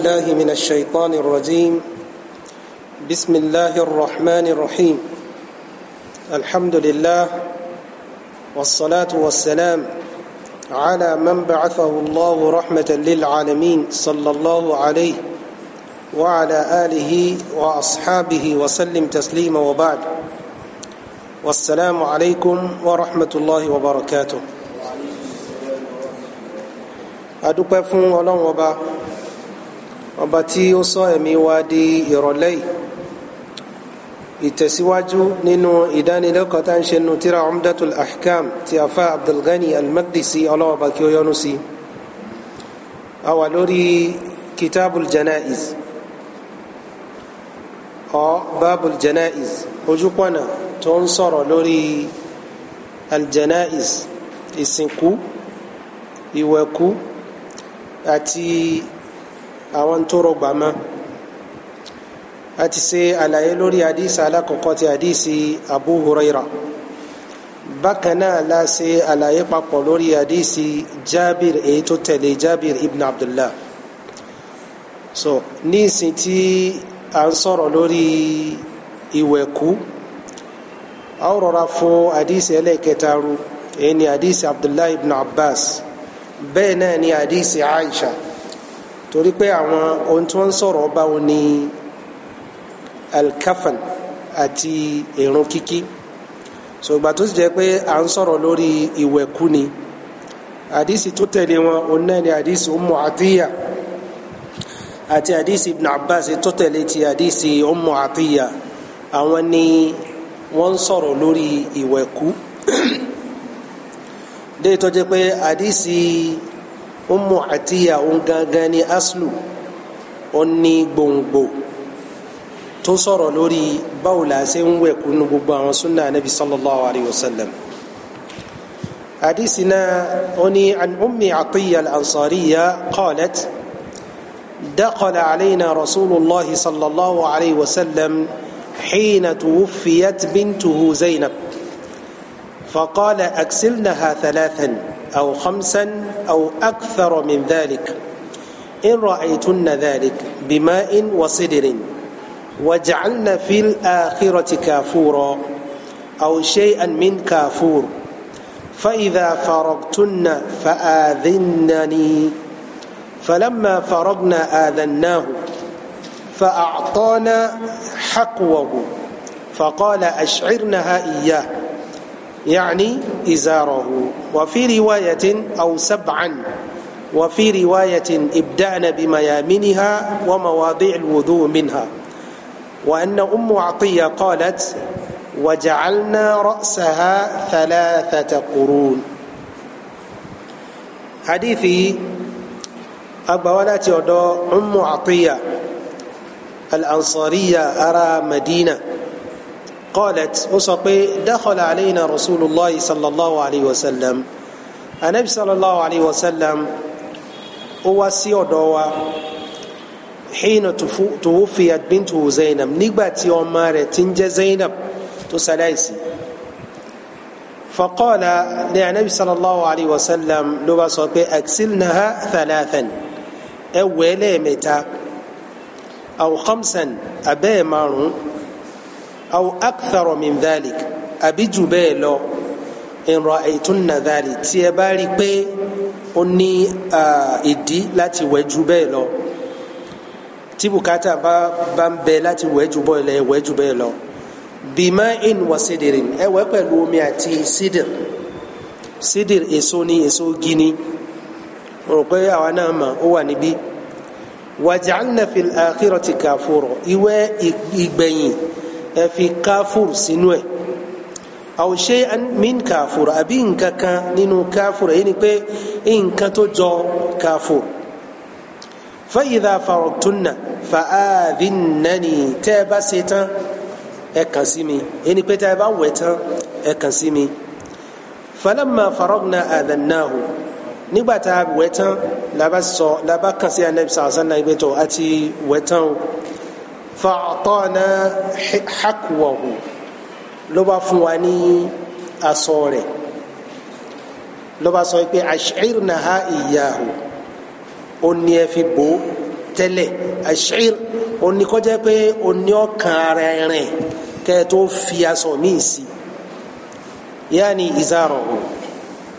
بالله من الشيطان الرجيم بسم الله الرحمن الرحيم الحمد لله والصلاة والسلام على من بعثه الله رحمة للعالمين صلى الله عليه وعلى آله وأصحابه وسلم تسليما وبعد والسلام عليكم ورحمة الله وبركاته أدوكم فون ولون وبركاته ọba tí ó sọ ẹ̀mí wa di ìrọ̀lẹ́ yìí ìtẹ̀síwájú nínú ìdánilẹ́kọ̀ọ́ tá ń ṣe nu tíra umdatul ahkam ti afa abdulgani almaqdisi ọlọ́ọ̀ba kí ó yọ́nú sí a wà lórí kitabul janaiz ọ babul janaiz ojúpọ̀nà tó ń sọ̀rọ̀ lórí aljanaiz ìsìnkú ìwẹ̀kú àti àwọn tó rọgbà mọ́ a ti ṣe àlàyé lórí àdìsí alákọ̀ọ́kọ́ ti àdìsí Abu Huraira bákan náà la ṣe àlàyé papọ̀ lórí àdìsí Jabir èyí tó tẹ̀lé Jabir ibn Abdullah so ní ìsìn tí a ń sọ̀rọ̀ lórí ìwẹ̀kú a ó rọra fo àdìsí ẹlẹ́kẹta ru èyí ni àdìsí Abdullah ibn Abbas bẹ́ẹ̀ náà ni àdìsí Aisha torí pé àwọn ohun tí wọ́n ń báwo ni alkafan àti ìrun kíkí ṣùgbọ́n tó sì jẹ́ pé à ń sọ̀rọ̀ lórí ìwẹ̀kú ni àdìsí tó tẹ̀lé wọn òun náà ni àdìsí Ummu Atiyya àti àdìsí Ibn Abbas tó tẹ̀lé ti àdìsí Ummu Atiyya àwọn ni wọ́n ń sọ̀rọ̀ lórí ìwẹ̀kú dé jẹ́ pé àdìsí. Ummu atiya òun gangan ní aslu ó ní gbòǹgbò tó sọ̀rọ̀ lórí báwo la ṣe ń wẹ̀ kúnnú gbogbo àwọn sunna anabi sallallahu alayhi wa sallam. oni an ummi atiya al-ansariya qalat دخل علينا رسول الله صلى الله عليه وسلم حين توفيت بنته زينب فقال أكسلنها ثلاثا أو خمسا أو أكثر من ذلك إن رأيتن ذلك بماء وصدر وجعلن في الآخرة كافورا أو شيئا من كافور فإذا فرغتن فآذنني فلما فرغنا آذناه فأعطانا حقوه فقال أشعرنها إياه يعني إزاره وفي رواية أو سبعا وفي رواية ابدأن بميامنها ومواضع الوضوء منها وأن أم عطية قالت وجعلنا رأسها ثلاثة قرون حديثي أبوالات يودو أم عطية الأنصارية أرى مدينة قالت وصقي دخل علينا رسول الله صلى الله عليه وسلم النبي صلى الله عليه وسلم أواسي ودوا حين توفيت بنته زينب نقبت يوم تنجى زينب تسلايسي فقال للنبي صلى الله عليه وسلم لبصقي أكسلنها ثلاثا أولي متى أو خمسا أبي مارون aw aktharo min dhalik àbí jù bẹ́ẹ̀ lọ in ra'aytunna dhalik tí ẹ bá rí i pé ó ní ìdí láti wẹ̀ jù bẹ́ẹ̀ lọ tí bùkátà bá bá ń bẹ láti wẹ̀ jù bẹ́ẹ̀ lọ ẹ wẹ̀ jù bẹ́ẹ̀ lọ bima in wa sidirin ẹ wẹ̀ pẹ̀lú omi àti sidir sidir èso ni èso gini rò pé àwa náà mọ̀ ó wà níbí wàjàlnà fil akhirati kafuro ìwẹ̀ ìgbẹ̀yìn ẹ fi káfùr sínú ẹ̀ aw shay'an min káfùr àbí nǹkan kan nínú káfùr èyí ni pé nǹkan tó jọ káfùr fa idha faragtunna fa aadhinnani tẹ́ ẹ bá ṣe tán ẹ kàn sí mi èyí ni pé tẹ́ ẹ bá wẹ̀ tán ẹ kàn sí mi falamma faragna aadhannahu nígbà tá a wẹ̀ tán la kàn sí anabi sàlásán náà ìgbẹ́tọ̀ àti wẹ̀ tán o fa'atana hakwahu ló bá fún wa ní aṣọ rẹ̀ ló bá sọ pé ash'irna ha iyyahu ó ní ẹ fi bò tẹ́lẹ̀ ash'ir ó ní kó jẹ́ pé ó ní ọkàn ara rẹ̀ kẹ́ ẹ tó fi aṣọ míì sí yaani izarahu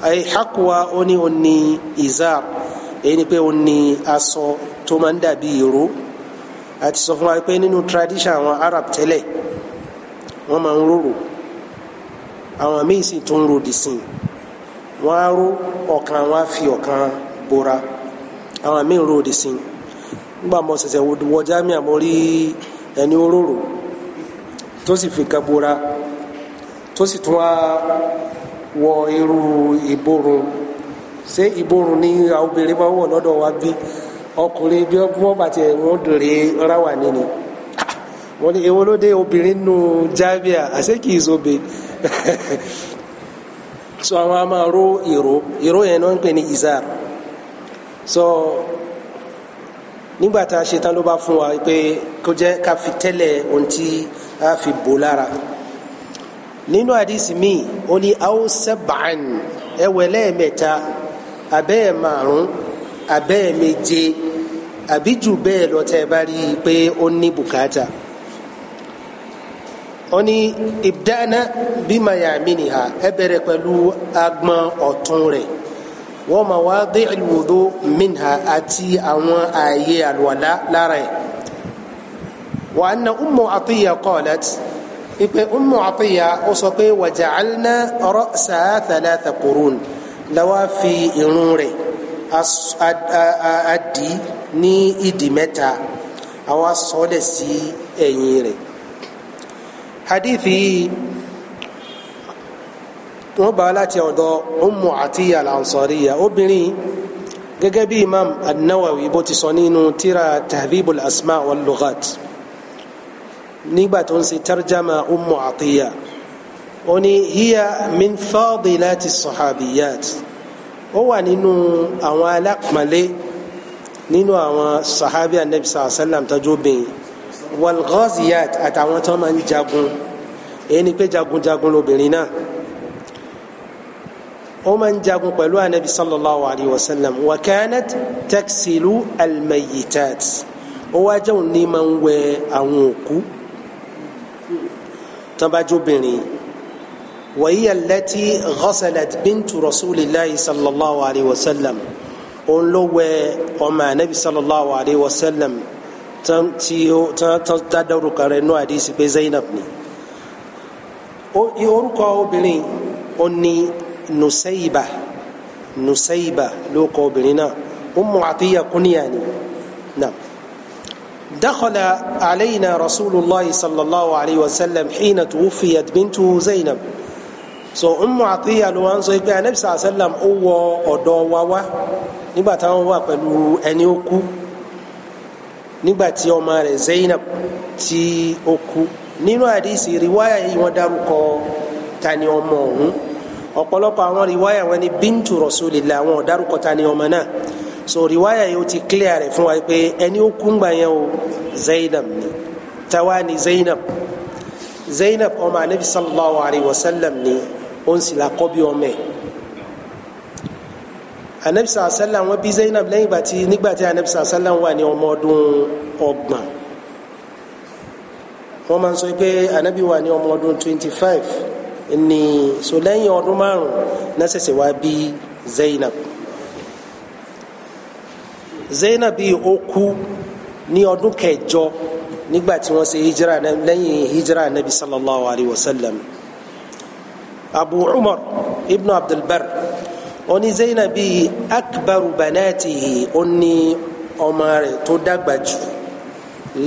ay hakwa ó ní ó ní izar èyí ni pé ó ní aṣọ tó máa ń dàbí ìró. àti sọ fún wa pé nínú tradition àwọn Arab tẹ́lẹ̀ wọ́n máa ń rorò àwọn míì sì tún rodi sí i wọ́n á ró ọ̀kan wọ́n á fi ọ̀kan bora àwọn míì rodi sí i nígbà mo ṣẹ̀ṣẹ̀ wọ jamiu àmọ́ rí ẹni oróró tó sì fi kan bora tó sì tún wá wọ irú ìborun ṣé ìborun ni àwọn obìnrin máa ń wọ̀ lọ́dọ̀ wa bí ọkùnrin bí wọ́n bá tiẹ̀ wọ́n dòrè ráwà nínú wọ́n ní èwo ló dé obìnrin nù jábíà àṣé kìí zobe so àwọn a máa ró ìró ìró yẹn ni ń pè ní izar so nígbà tá a ṣe tán ló bá fún wa pé kó jẹ́ ká fi tẹ́lẹ̀ ohun tí a fi bò lára nínú àdìsí mi ó ní aw sab'an ẹwẹ lẹ́ẹ̀mẹ́ta abẹ́ẹ̀ márùn-ún abẹ́ẹ̀méje àbí jù bẹ́ẹ̀ lọ tẹ́ ẹ bá rí i pé ó ní bùkátà ó ní ibdana bima yaminiha ẹ bẹ̀rẹ̀ pẹ̀lú agbọ̀n ọ̀tún rẹ̀ wọ́n ma wá dé ìlúwòdó minha àti àwọn ààyè àlùwàlá lára ẹ̀ wà na Ummu Atiyya qalat ipe Ummu Atiyya ó sọ pé waja'alna ra'saha thalatha qurun la wá fi irun rẹ̀ a dì í ní ìdì mẹ́ta àwa sọ́ọ́lẹ̀ sí ẹ̀yìn rẹ̀ hadithi wọ́n bá láti ọ̀dọ̀ Ummu Atiyya al-Ansariya obìnrin gẹ́gẹ́ bí imam an-Nawawi bó ti sọ nínú tírà tahdhibul asma wal lughat nígbà tó ń ṣe tarjama Ummu Atiyya ó ní hiya min fadilati sahabiyat ó wà nínú àwọn alápọ̀nlé nínú àwọn sahabi anabi sallam tọ́jú bẹ́ẹ̀ walghaziyat àtàwọn tó máa ń jagun èyí ni pé jagunjagun lobìnrin náà ó máa ń jagun pẹ̀lú anabi sallallahu alayhi wa sallam wa kanat taksilu almayitat ó wá jẹun ní máa ń wẹ àwọn òkú tó bá jóbìnrin yìí. وهي التي غسلت بنت رسول الله صلى الله عليه وسلم òun ló wẹ ọmọ anabi sallallahu alayhi wa sallam tí tadawuro kan rẹ̀ nù àdìsí pé zainab ni orúkọ obìnrin ó ní nusayba nusayba ló kọ obìnrin náà umu atiya kuniya ni naam dakhala alayna rasulillah sallallahu alayhi wa sallam xiina tuwufiyat bintu zainab so Ummu Atiyya ló wá ń sọ pé anabi sàlám ó wọ ọ̀dọ̀ wa wá nígbà táwọn wà pẹ̀lú ẹni ó kú nígbà tí ọmọ rẹ̀ Zainab tí ó kú nínú àdìsí riwaya yìí wọ́n dárúkọ tani ọmọ ọ̀hún ọ̀pọ̀lọpọ̀ àwọn riwaya wọn ni bintu Rasulillah àwọn dárúkọ tani ọmọ náà so riwaya yìí ó ti clear rẹ̀ fún wa pé ẹni ó kú ńgbà yẹn o Zainab ni tawa ni Zainab Zainab ọmọ anabi sallallahu alayhi wa sallam ni ó ń sì la kọ́ bí ọmọ ẹ̀ anabisa asala wọn bí Zainab lẹ́yìn ìgbà tí nígbà tí anabisa asala wà ní ọmọ ọdún ọgbọ̀n wọn máa ń sọ pé anabi wà ní ọmọ ọdún twenty five ni so lẹ́yìn ọdún márùn náà ṣẹ̀ṣẹ̀ wá bí Zainab Zainab ó kú ní ọdún kẹjọ nígbà tí wọ́n ṣe hijira lẹ́yìn hijira anabi sallallahu alayhi wa sallam abu umar ibn abdulbar oni zainabi akbaru banatihi oni ọmọ rẹ̀ tó dàgbà jù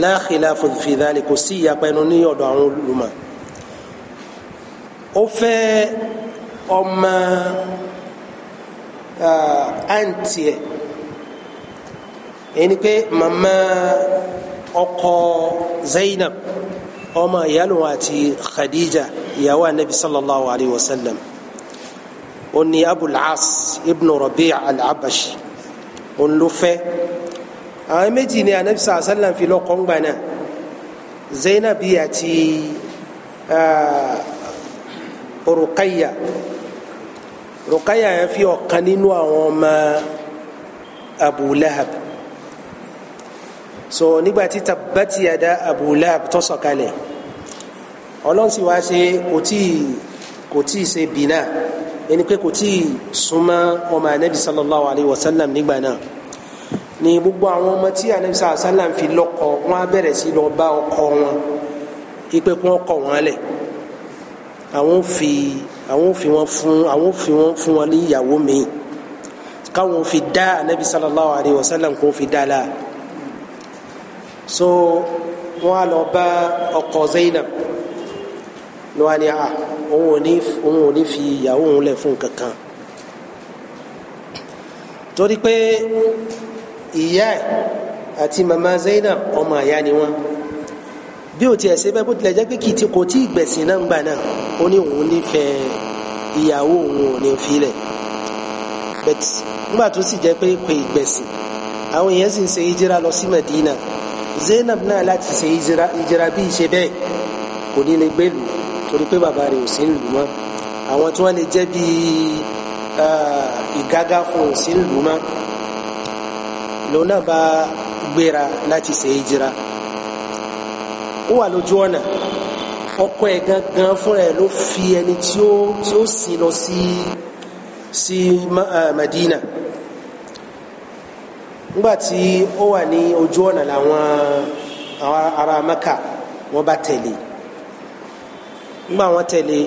la khilafu fi dhalik kò sí ìyapa ẹnu ní ọ̀dọ̀ àwọn olùmọ̀ ó fẹ́ ọmọ àǹtí ẹ̀ ẹni pé màmá ọkọ zainab ọmọ ìyálò àti khadija ìyàwó anabi sallallahu alayhi wa sallam oni abul'as ibn rabi' al-abashi onlufẹ́ àwọn méjì ni anabi sallallahu alayhi wa sallam fi lọ́kọ ńgbà náà zainabi àti rukaya rukaya yẹn fi ọ̀kan nínú àwọn ọmọ abu lahab so nígbà tí tabati ada Abu Lahab tó sọ̀kalẹ̀ Ọlọ́run sì wá ṣe kò tí kò tí ì ṣe bìnà ẹni pé kò tí ì súnmọ́ ọmọ anabi sallallahu alayhi wa sallam nígbà náà ni gbogbo àwọn ọmọ tí anabi sallallahu alayhi wa sallam fi lọ́kọ wọn á bẹ̀rẹ̀ sí lọ bá ọkọ wọn ipe kí wọ́n kọ̀ wọ́n àwọn fi àwọn fi wọn fún àwọn fi wọn fún wọn ní ìyàwó mi káwọn fi dá anabi sallallahu alayhi wa sallam kó fi dá la. so wọn lọ bá ọkọ Zainab ló wá ni a ah, òun ò ní fi ìyàwó òun lẹ̀ fún kankan torí pé ìyá ẹ̀ àti mama Zainab ọmọ àyá ni wọn bí o tiẹ̀ ṣe bẹ́ẹ̀ bó tilẹ̀ jẹ́ pé kì í ti kò tí ì gbẹ̀sìn náà ń gbà náà ó ní òun nífẹ̀ẹ́ ìyàwó òun ò ní filẹ̀ bẹ́ẹ̀ nígbà tó sì jẹ́ pé àwọn èèyàn sì ń ṣe lọ sí Madina. Zainab náà láti ṣe ìjìra bí ìṣe bẹ́ẹ̀ kò ní lè gbé lù torí pé bàbá rẹ̀ ò sí lù mọ́ àwọn tí wọ́n lè jẹ́ bí ìgágá fún ò sí lù mọ́ lòun bá gbéra láti ṣe ìjìra ó wà lójú ọ̀nà ọkọ ẹ̀ gangan fúnra ẹ̀ ló fi ẹni tí ó sì lọ sí Madina. Si, ngbàtí ó wà ní ojú ọ̀nà làwọn ará maka wọ́n bá tẹ̀lé ngbà wọ́n tẹ̀lé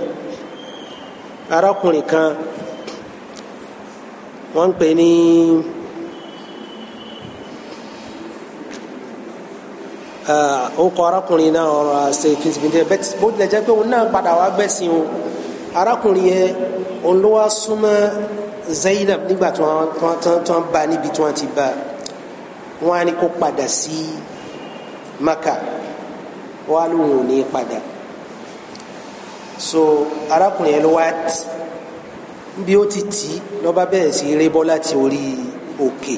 arákùnrin kan wọ́n ń pè ní ọkọ arákùnrin náà ọ̀rọ̀ ṣe fìtìfìtì bẹ́ẹ̀ tí bó tilẹ̀ jẹ́ pé òun náà padà wá gbẹ̀sìn o arákùnrin yẹn òun ló wá súnmọ́ Zainab nígbà tí wọ́n bá níbi tí wọ́n ti bá a wọ́n á ní kó padà sí maka wọ́n á lóun ò ní padà so arákùnrin yẹn ló wá tì bí ó ti tì lọ́ba bẹ̀rẹ̀ sí rébọ́ láti orí òkè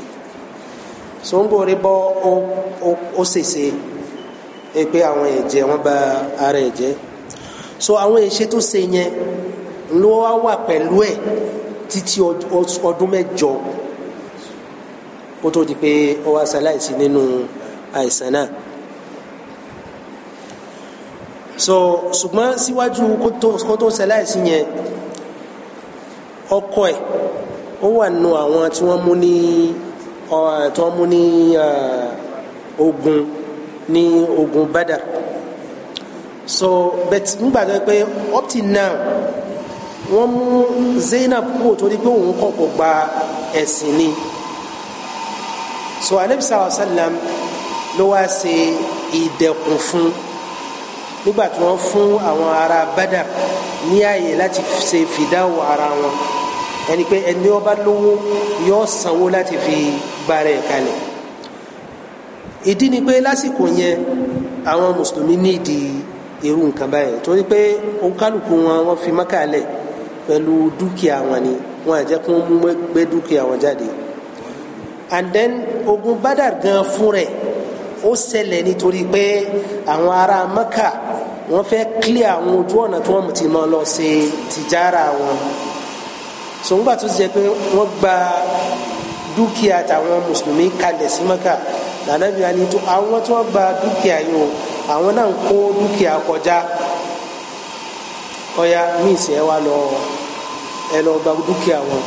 so ń gbọ́ rébọ́ ó ṣèṣe ẹ pé àwọn ẹ̀jẹ̀ wọ́n bá ara ẹ̀jẹ̀ so àwọn ìṣe tó ṣe yẹn ló wá wà pẹ̀lú ẹ̀ títí ọdún mẹ́jọ kó tó di pé ó wá ṣaláìsí nínú àìsàn náà so ṣùgbọ́n síwájú kó tó ṣaláìsí yẹn ọkọ ẹ̀ ó wà nù àwọn tí wọ́n mú ní tí wọ́n mú ní ogun ní ogun Badar so but nígbà tó pé up till now wọ́n mú Zainab kúrò torí pé òun kọ́kọ́ gba ẹ̀sìn ni so anabi sallallahu alayhi wa sallam ló wá ṣe ìdẹ̀kùn fún nígbà tí wọ́n fún àwọn ará Badr ní àyè láti ṣe fìdáwò ara wọn ẹni pé ẹni ó bá lówó yóò sanwó láti fi gbára ẹ̀ kalẹ̀ ìdí ni pé lásìkò yẹn àwọn mùsùlùmí nídìí irú nǹkan báyìí torí pé òǹkálùkù wọn wọ́n fi Mákà pẹ̀lú dúkìá wọn ni wọn àjẹkùn mú gbé dúkìá wọn jáde and then ogun Badar gan fún rẹ̀ ó ṣẹlẹ̀ nítorí pé àwọn ará Maka wọ́n fẹ́ clear àwọn ojú ọ̀nà tí wọ́n ti máa lọ ṣe tìjára wọn sòwúgbà tó ti jẹ́ pé wọ́n gba dúkìá tàwọn mùsùlùmí kalẹ̀ sí Maka nànàbí wa ni àwọn tí wọ́n gba dúkìá yìí o àwọn náà ń kó dúkìá kọjá ọ̀ya míì sì ẹ lọ ẹ lọ gba dúkìá wọn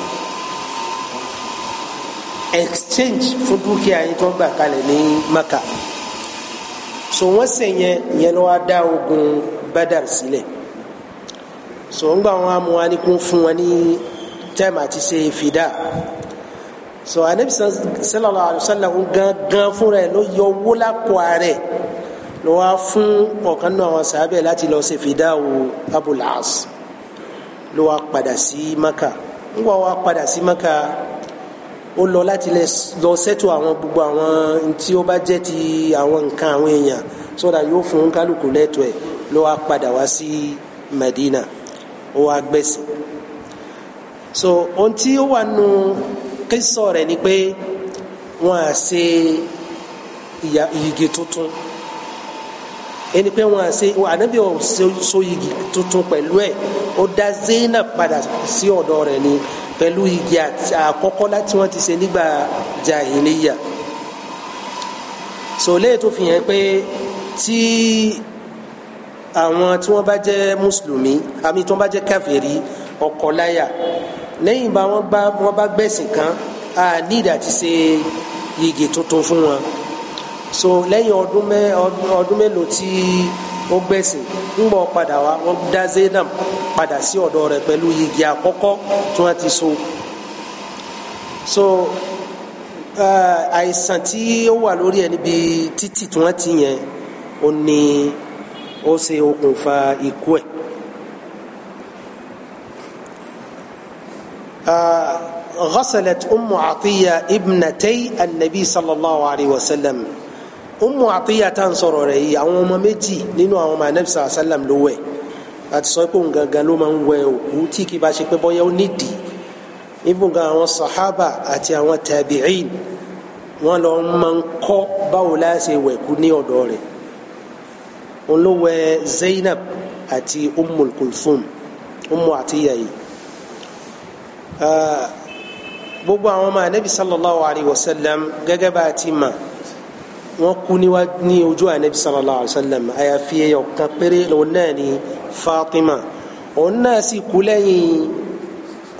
exchange fún dúkìá yín tó ń gbà kalẹ̀ ní maka so wọ́n sè yẹn yẹn lọ́wọ́ dá ogun badar sílẹ̀ so ń gbà wọn amú wa ní kún fún wọn ní tẹ́ẹ̀mù àti ṣe fìdá so anabi sallallahu alayhi wa sallam gangan fúnra ẹ ló yọ owó lápò ààrẹ ló wá fún ọ̀kan náà àwọn sàábẹ̀ láti lọ ṣe fìdá o abul as ló wá padà sí maka ń gbà wá padà sí maka ó lọ láti lọ sẹ́tù àwọn gbogbo àwọn tí ó bá jẹ́ ti àwọn nǹkan àwọn èèyàn sọ́dà yóò fún kálukú lẹ́tọ̀ ẹ̀ ló wá padà wá sí Madina ó wá gbẹ̀sìn so ohun tí ó wà nù kíso rẹ̀ ni pé wọ́n á ṣe ìyìgì tuntun ẹni pé wọ́n á ṣe ànábì ọ̀ so yìgì tuntun pẹ̀lú ẹ̀ ó dá Zainab padà sí ọ̀dọ̀ rẹ̀ ni. So, pẹ̀lú igi àkọ́kọ́ láti wọ́n ti ṣe nígbà jahiliya so tó fi hàn pé tí àwọn tí wọ́n bá jẹ́ mùsùlùmí àmì tí wọ́n bá jẹ́ káfíìrì ọkọ láyà lẹ́yìn bá wọ́n bá wọ́n bá gbẹ̀sìn kan a nídìí àti ṣe igi tuntun fún wọn so lẹ́yìn ọdún mélòó tí. Me, ó gbẹ̀sìn ńgbọ́ padà wá wọ́n dá Zainab padà sí ọ̀dọ̀ rẹ̀ pẹ̀lú igi àkọ́kọ́ tí wọ́n ti so so eh, àìsàn tí ó wà lórí ẹ níbi títì tí wọ́n ti yẹn ó ní ó ṣe okùnfà ikú ẹ̀. غسلت أم عطية ابنتي النبي صلى الله عليه وسلم Ummu Atiyya tá ń sọ̀rọ̀ rẹ̀ yìí àwọn ọmọ méjì nínú àwọn ọmọ anabi sàlá sàlám ló wẹ̀ àti sọ pé òun gangan ló máa ń wẹ̀ òkú tí kì í bá ṣe pé bọ́yá ó nídìí ibùgàn àwọn sàhábà àti àwọn tàbíìn wọn lọ máa ń kọ́ báwo la ṣe kú ní ọ̀dọ̀ rẹ̀ òun ló wẹ̀ Zainab àti Ummul Kulthum Ummu Atiyya yìí ah, gbogbo àwọn ọmọ anabi sallallahu alayhi wa sallam gẹ́gẹ́ bá a ti mọ̀ wọ́n kú ní ojú anabi sallallahu alayhi wa sallam àyàfi ẹyọ kan péré lòun náà ni fatima òun náà sì kú lẹ́yìn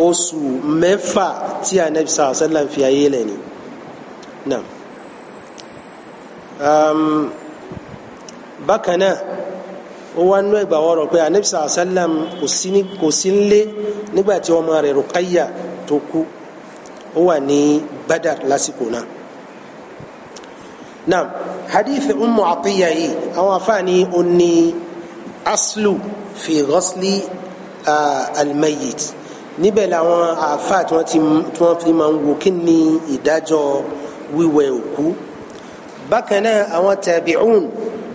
oṣù mẹ́fà tí anabi sallallahu alayhi wa sallam fi ayé lẹ̀ ni. naam bákan náà ó wá nú ẹgbà ọ̀rọ̀ pé anabi sallallahu alayhi wa sallam kò sí nílé nígbà tí ọmọ rẹ̀ Ruqayya tó kú ó wà ní Badar lásìkò náà naam hadith ummu atiya yìí àwọn afaani oní aslu fi ghasli almayit níbẹ̀ làwọn afa tí wọ́n fi máa ń wo kí ni ìdájọ́ wíwẹ̀ òkú bákan náà àwọn tabi'un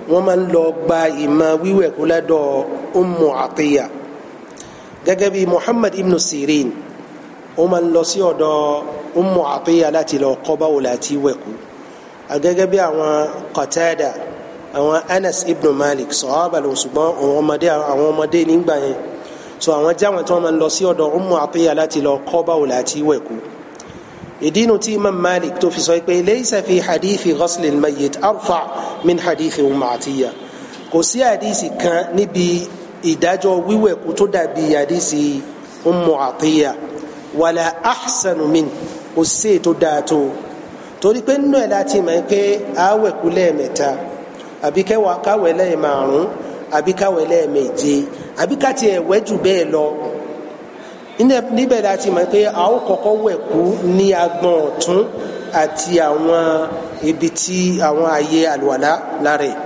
wọ́n máa ń lọ gba ìmọ̀ wíwẹ̀ kú lọ́dọ̀ ummu atiya gẹ́gẹ́ bí muhammad ibn sirin ó máa ń lọ sí ọ̀dọ̀ ummu atiya láti lọ kọ́ báwo láti wẹ̀ kú gẹ́gẹ́ bí àwọn Qatada àwọn Anas ibn Malik sọ̀hábà ló ṣùgbọ́n àwọn ọmọdé àwọn ọmọdé nígbà yẹn so àwọn jáwọn tí wọ́n máa ń lọ sí ọ̀dọ̀ Ummu Atiyya láti lọ kọ́ báwo láti wẹ̀ kú ìdí tí Imam Malik tó fi sọ pé laysa fi hadithi ghuslil mayyit arfa min hadithi Ummu kò sí àdìsí kan níbi ìdájọ́ wíwẹ̀kú tó dàbí àdìsí Ummu Atiyya wala min kò sí ètò dáa torí pé nínú ẹ̀ láti mọ̀ pé àwẹ̀ kú lẹ́ẹ̀mẹ́ta àbí káwẹ̀ lẹ́ẹ̀márùn àbí káwẹ̀ lẹ́ẹ̀méje àbí káti ẹ̀wẹ́ jù bẹ́ẹ̀ lọ níbẹ̀ láti mọ̀ pé a ó kọ́kọ́ wẹ̀ kú ní agbọ̀n ọ̀tún àti àwọn ibi tí àwọn ààyè àlùwàlá lára ẹ̀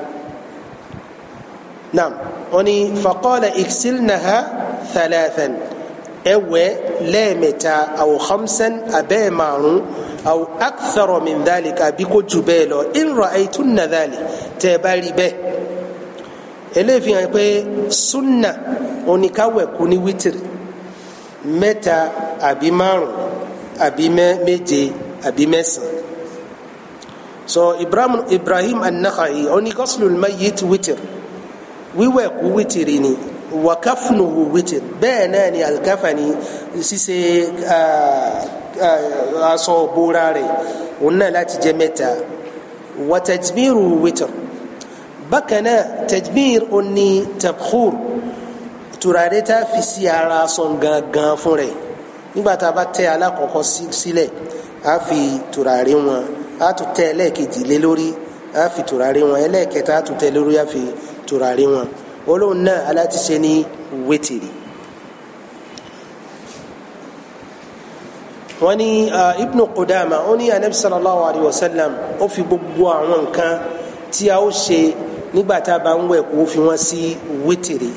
naam wọ́n ní faqala iksilnaha thalathan ẹ̀wẹ̀ lẹ́ẹ̀mẹ́ta aw khamsan aw akthara min dhalika àbí kó jù bẹ́ẹ̀ lọ in ra'aytunna dhalika tẹ́ ẹ bá rí bẹ́ẹ̀ eléyìí fi hàn pé sunna oníkàwẹ̀kú ní wítìrì mẹ́ta àbí márùn àbí méje àbí mẹ́sàn-án so ibrahim ibrahim an-Nakha'i oníkọ́sùlùmí mayyit wítìrì wíwẹ̀ kú wítìrì ni wàkàfùnù wítìrì bẹ́ẹ̀ náà ni alkafani ṣíṣe. Uh, aṣọ bóra rẹ̀ òun náà láti jẹ́ mẹ́ta wà tẹ̀jbírù wítìrì bákan náà tẹ̀jbír ó ní tẹ̀kúr tùràrí tá a fi sí ara aṣọ gangan fún rẹ̀ nígbà tá a bá tẹ alákọ̀ọ́kọ́ sílẹ̀ a fi tùràrí wọn a tún tẹ ẹlẹ́ẹ̀kejì lé lórí a fi tùràrí wọn ẹlẹ́ẹ̀kẹta a tún tẹ lórí a fi tùràrí wọn olóhùn náà aláti ṣe ní wétìrì. wọ́n ní Ibn Qudama ó ní anabi sallallahu alayhi wa sallam ó fi gbogbo àwọn nǹkan tí a ó ṣe nígbà tá a bá ń wẹ̀ kó fi wọ́n sí wítìrì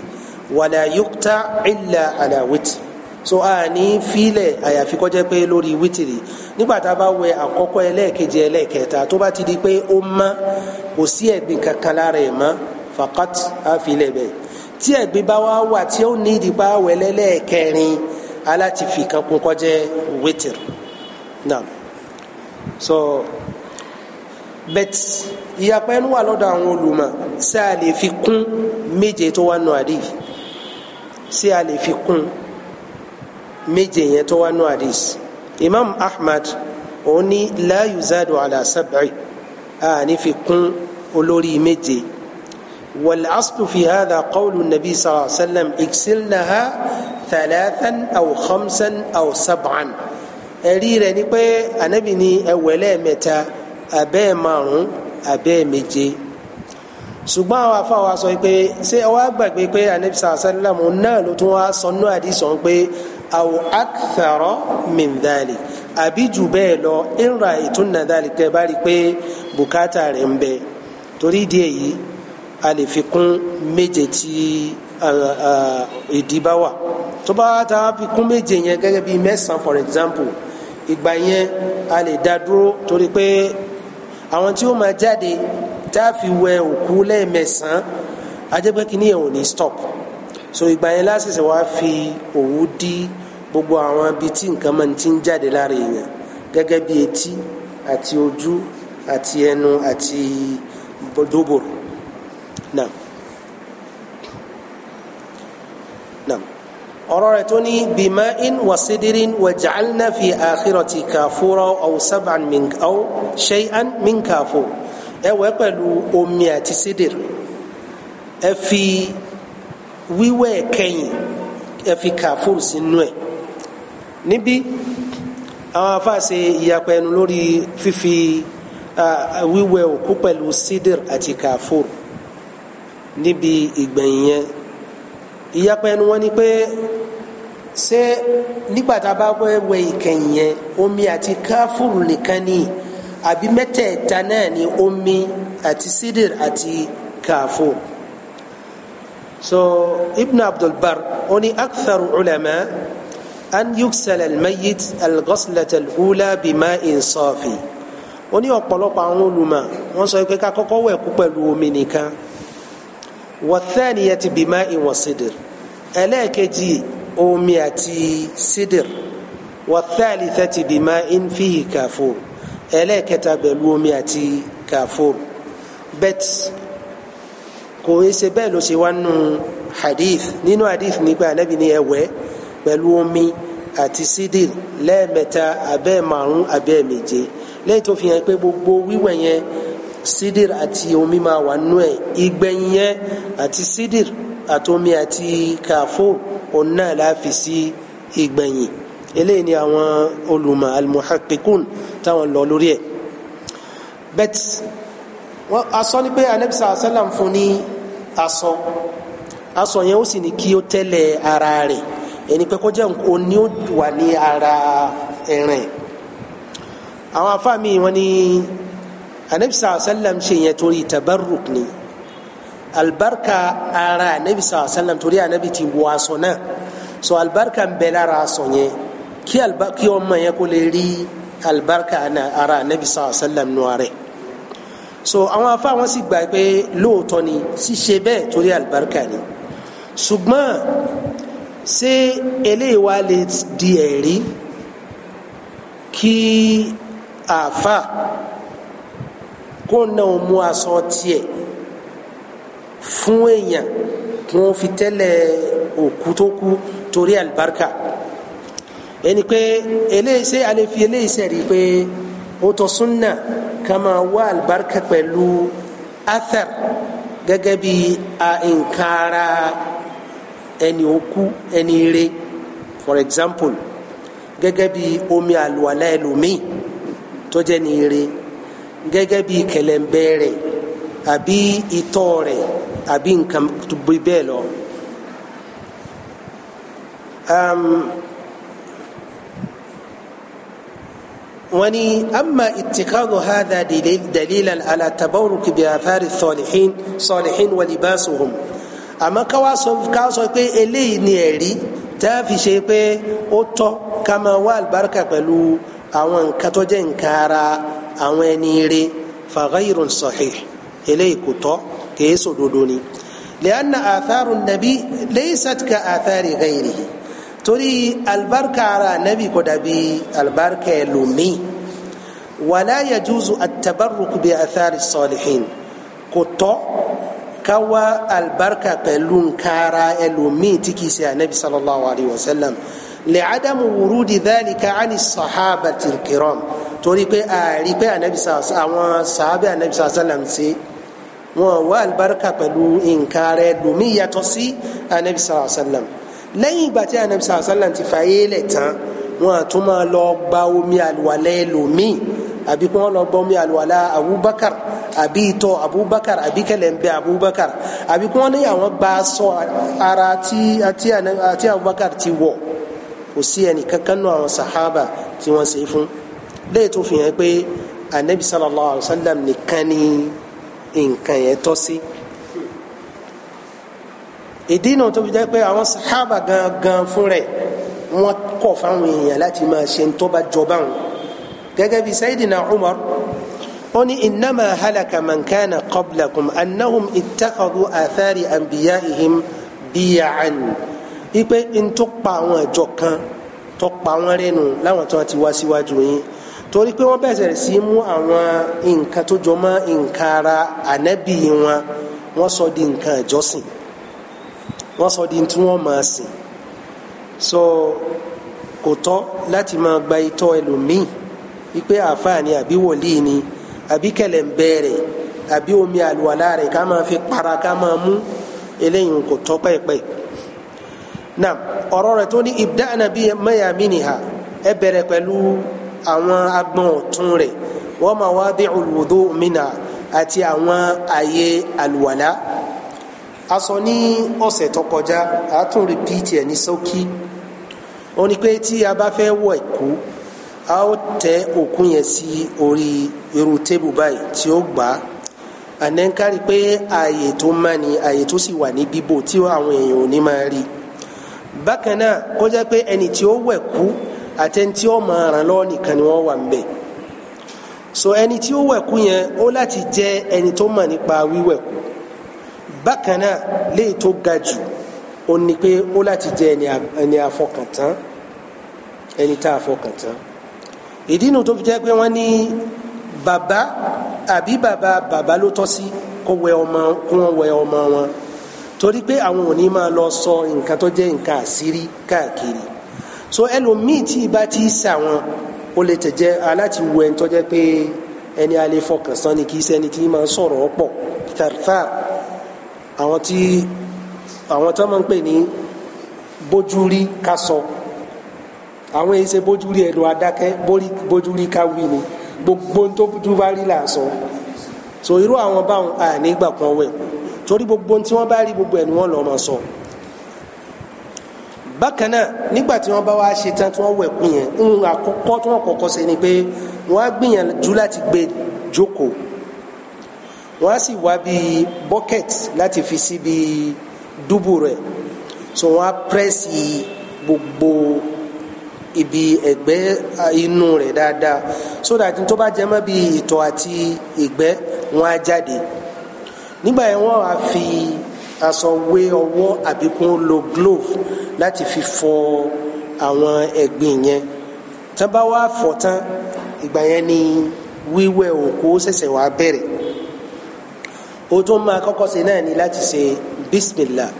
wàlà yúkta illa àlà wítìrì so a ní fílẹ̀ àyàfi kó jẹ́ pé lórí wítìrì nígbà tá a bá wẹ̀ àkọ́kọ́ ẹlẹ́ẹ̀kejì ẹlẹ́ẹ̀kẹta tó bá ti di pé ó mọ́ kò sí ẹ̀gbin kankan lára ẹ̀ mọ́ fàkàt àfilẹ̀ bẹ́ẹ̀ tí ẹ̀gbin bá wà wà tí ó ní ìdìbò àwẹ̀ lẹ́lẹ́ẹ̀kẹrin aláti fi kan kún kọjẹ wétìr náà so bet ìyapa ẹnu wà lọ́dọ̀ àwọn olùmọ̀ ṣé a lè fi kún méje tó wà nù àdìs ṣé a lè fi kún méje yẹn tó wà nù àdìs imam ahmad òun ní la yuzadu ala sab'i a ní fi kún olórí méje. والأصل في هذا قول النبي صلى الله عليه وسلم اغسلنها ثلاثا أو خمسا أو سبعا ẹ̀rí rẹ̀ ni pé anabi ni ẹ̀wẹ̀ lẹ́ẹ̀mẹ́ta abẹ́ márùn abẹ́ méje ṣùgbọ́n àwọn afáwa sọ pé ṣé ọwọ́ àgbàgbé pé anabi sàlá sàlámù náà ló tún wá sọnú àdìsàn pé aw akthara min dhalik àbí jù bẹ́ẹ̀ lọ ìnra ìtúnadàlì kẹ́ pé bùkátà rẹ̀ ń bẹ torí díẹ̀ yìí a lè fi kún méje tí ìdí bá wà tó bá ta fi kún méje yẹn gẹ́gẹ́ bí mẹ́sàn-án for example ìgbà yẹn a lè dá dúró torí pé àwọn tí ó máa jáde tá a fi wẹ òkú lẹ́ẹ̀mẹ́sàn-án ajẹ́pẹ́ yẹn ò ní stop so ìgbà yẹn lásìsẹ́ wàá fi òwú dí gbogbo àwọn ibi tí nǹkan máa ti ń jáde lára èèyàn gẹ́gẹ́ bí etí àti ojú àti ẹnu àti dóbòrò نعم نعم أرارتني بماء وصدر وجعلنا في آخرة كافورا أو سبعا من أو شيئا من كافور ẹwẹ pẹ̀lú omi àti sídìr ẹ fi wíwẹ̀ kẹ́yìn ẹ fi kàfúrù sínú ẹ níbí àwọn afáàṣe ìyapẹnu lórí fífi wíwẹ̀ òkú pẹ̀lú sídìr àti kàfúrù níbi ìgbẹ̀yìn yẹn ìyapa ẹnu wọn ni pé ṣé nígbà tá a bá wẹ ìkẹyìn yẹn omi àti káfùrù nìkan ni àbí mẹ́tẹ̀ẹ̀ta náà ni omi àti sídìr àti káfùrù so ibn abdulbar ó ní aktharu ulama an yuksal almayit alghaslat alula bima'in safi ó ní ọ̀pọ̀lọpọ̀ àwọn olùmọ̀ wọ́n sọ pé ká kọ́kọ́ wẹ̀ kú pẹ̀lú omi nìkan wàtániyàtì bímá ìwà sídìr ẹlẹ́ẹ̀kejì omi àti sídìr wàtálìtàtì bímá ìnfìhì kàfóòrù ẹlẹ́ẹ̀kẹta pẹ̀lú omi àti kàfóòrù bet kò í ṣe bẹ́ẹ̀ ló ṣe wá nù hadith nínú hadith nígbà anábì ní ẹ̀wẹ́ pẹ̀lú omi àti sídìr lẹ́ẹ̀mẹ́ta abẹ́ẹ̀ márùn-ún abẹ́ẹ̀ méje lẹ́yìn tó fi hàn pé gbogbo wíwẹ̀ yẹn Sidir àti omi máa wà nú ẹ̀ ìgbẹ̀yìn àti sídìr àti omi àti kàfó òun náà láfi sí ìgbẹ̀yìn eléyìí ni àwọn olùmọ̀ almuhakikun táwọn lọ lórí ẹ̀ bẹ́t wọ́n aṣọ ni pé anabisa asalam fún ní aṣọ aṣọ yẹn ó sì ní kí ó tẹ́lẹ̀ ara rẹ̀ ẹni pé kó jẹ́ nǹkan ni ó wà ní ara ẹ̀rìn àwọn afáàmì wọn ni. Ara, anabi sàlám ṣe yẹn torí tabarruk ni albarka ara anabi sàlám torí anabi ti wọ aṣọ náà so albarka ń bẹ lára aṣọ yẹn kí alba kí ọmọ yẹn kó lè rí albarka ara anabi sàlám nù arẹ so àwọn afa wọn sì gbà pé lóòótọ́ ni ṣíṣe bẹ́ẹ̀ torí albarka ni ṣùgbọ́n ṣé eléyìí wá lè di ẹ̀rí kí àáfàá kó náà mú aṣọ tiẹ̀ fún èèyàn kí wọ́n fi tẹ́lẹ̀ òkú tó kú torí àlùbáríkà ẹni pé eléyìí ṣe alẹ́ fi eléyìí sẹ̀rí pé athar gẹ́gẹ́ bí a nǹkan ara ẹni òkú ẹni for example gẹ́gẹ́ bí omi àlùwàlá ẹlòmíì tó ni rẹ̀ gẹ́gẹ́ bí kẹlẹ̀ǹbẹ̀ rẹ̀ àbí itọ́ rẹ̀ àbí nǹkan bí bẹ́ẹ̀ lọ. wọ́n ní amma itikadu hadha dalilan ala tabarruki bi athari salihin salihin wa libasuhum àmọ́ ká sọ pé eléyìí ni ẹ̀rí tá fi ṣe pé ó tọ́ ká máa wá àlùbáríkà pẹ̀lú àwọn nǹkan àwọn ẹni rè faghayrun sahih eléyìí kò tọ́ kìí sòdodo ni lianna atharu nabi laysat ka athari ghayrihi torí alibarika ara nabi kò dàbí alibarika ẹlòmí wala yajuzu at-tabarruk bi athari salihin kò tọ́ ká wá alibarika pẹ̀lú nkaara ẹlòmí tí kìí ṣe anabi sallallahu alayhi wa sallam li'adamu wurudi dhalika ani sahabati al-kiram torí pé ààrí pé anabisa sàlám àwọn sàábẹ anabi sàlám ṣe wọn wá alibarika pẹ̀lú nǹkan rẹ lómi yàtọ̀ sí anabisa sàlám lẹ́yìn ìgbà tí anabi sàlám ti fàyè lẹ̀ tán wọn àtún máa lọ gba omi àlùwalẹ̀ lómi àbí kí wọn lọ bọ omi àlùwàlà abubakar àbí itọ abubakar àbí kẹlẹmbẹ abubakar àbí kí wọn ní àwọn gba aṣọ ara àti abubakar ti wọ kò sí ẹnì kankan nù àwọn sahaba tí wọn ṣe fún lẹ́yìn tó fi hàn pé anabi sallallahu alayhi wa sallam nìkan ni nǹkan yẹn tọ́ sí ìdí náà tó fi jẹ́ pé àwọn sahaba gangan fún rẹ̀ wọ́n kọ̀ fáwọn èèyàn láti máa ṣe tó bá jọba wọn gẹ́gẹ́ bí sayidina umar ó ní innama halaka man kana qablakum annahum ittakhadhu athari anbiya'ihim biya'an ipe n àwọn ìjọ kan tó pa wọn rẹ́nu láwọn tó ti wá síwájú yín torí pé wọ́n bẹ̀rẹ̀ sí mú àwọn nǹkan tó jọ mọ́ nǹkan ara ànábì wọn wọ́n sọ di nǹkan ìjọsìn wọ́n sọ di tí wọ́n máa sìn so kò tọ́ láti máa gba itọ́ ẹlòmíì wípé àáfàá ni àbí wòlíì ni àbí kẹ̀lẹ̀ǹbẹ̀ rẹ̀ àbí omi àlùwàlá rẹ̀ ká máa fi para ká máa mú eléyìí kò tọ́ pẹ́ẹ́pẹ́ẹ́ náà ọ̀rọ̀ rẹ̀ tó ní ibda'na bí mayaminiha ẹ bẹ̀rẹ̀ pẹ̀lú àwọn agbọ̀n ọ̀tún rẹ̀ wa mawadi'ul wudu mina àti àwọn àyè àlùwàlá a sọ ní ọ̀sẹ̀ tó kọjá a tún rìpíìtì ẹ̀ ní ṣókí ó ní pé tí a bá fẹ́ wọ ẹ̀kú a ó tẹ òkú yẹn sí orí irú tébù báyìí tí ó gbà á ànẹ́ńkárí pé ààyè tó má ni ààyè tó sì wà ní bíbò tí àwọn èèyàn ò ní máa rí bákan náà kó jẹ́ pé ẹni tí ó wẹ̀kú àtẹ̀ntí ó máa ràn ni wọ́n wà ń so ẹni tí ó wẹ̀kú yẹn ó láti jẹ́ ẹni tó mọ̀ nípa wíwẹ̀kú bákan náà léyìí tó ga jù ó ní pé ó láti jẹ́ ẹni àfọkàntán ẹni tá àfọkàntán ìdí inú tó fi jẹ́ pé wọ́n ní bàbá àbí bàbá bàbá ló tọ́ sí kó wẹ ọmọ kó wọ́n wẹ ọmọ wọn torí pé àwọn ò máa lọ sọ nǹkan tó jẹ́ nǹkan àṣírí káàkiri so ẹlòmíì tí ibà ti sà wọn ó lè tẹ̀jẹ́ aláti wo ẹni tọ́jẹ́ pé ẹni alẹ́ fọkàn sán ni kì í ṣẹni tí máa sọ̀rọ̀ ọ̀pọ̀ tàrfà àwọn tí àwọn tó máa ń pè ní bójúrí ká sọ àwọn èyí ṣe bójúrí ẹ̀rọ adákẹ́ bójúrí ká wí ni gbogbo tó dúró bá rí là sọ so irú àwọn báwọn àní ìgbà kan wẹ̀ torí gbogbo tí wọ́n bá rí gbogbo ẹ̀ ni wọ́n lọ́ọ́ máa sọ. So bákan náà nígbà tí wọ́n bá wá ṣe tán tí wọ́n wẹ̀ kú yẹn ń àkọ́kọ́ tí wọ́n kọ́kọ́ ṣe ni pé wọ́n á gbìyànjú láti gbé jókòó wọ́n á sì wá bí bucket láti fi sí bí dúbù rẹ̀ so wọ́n á pẹ́ẹ́sì gbogbo ibi ẹ̀gbẹ́ inú rẹ̀ dáadáa so that tó bá jẹ́ mọ́ bí ìtọ̀ àti ìgbẹ́ wọ́n á jáde nígbà yẹn wọ́n á fi aṣọ wé ọwọ́ àbí kún lo glove láti fi fọ àwọn ẹ̀gbin yẹn tán bá wá fọ̀ tán ìgbà yẹn ni wíwẹ̀ òkú ṣẹ̀ṣẹ̀ wá bẹ̀rẹ̀ o tún máa kọ́kọ́ ṣe náà ni láti ṣe bismillah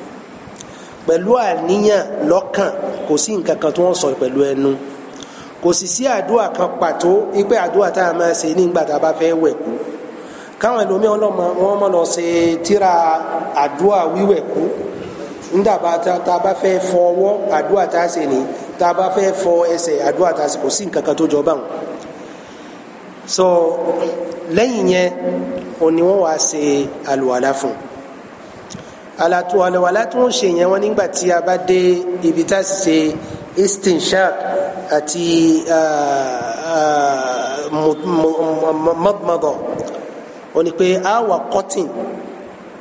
pẹ̀lú àníyàn lọ́kàn kò sí nǹkan kan tí wọ́n sọ pẹ̀lú ẹnu kò sì sí àdúrà kan pàtó wípé àdúrà tá a máa ṣe nígbà tá a bá fẹ́ wẹ̀kú káwọn ẹlòmíì ọlọ́mọ wọn mọ̀ lọ ṣe tíra àdúrà wíwẹ̀ kú nígbà tá a bá fẹ́ fọ ọwọ́ tá a ṣe ni tá a bá fẹ́ fọ ẹsẹ̀ àdúrà tá a ṣe kò sí nǹkan kan tó jọ báwọn. so lẹ́yìn yẹn o ni wọ́n wáá ṣe àlùwàlá fún alatu àlùwàlá tó ń ṣe yẹn wọn nígbà tí a bá dé ibi tá a ṣe istinshaq àti mọ̀mọ́dọ̀. Uh, uh, ó ní pé a wà cotton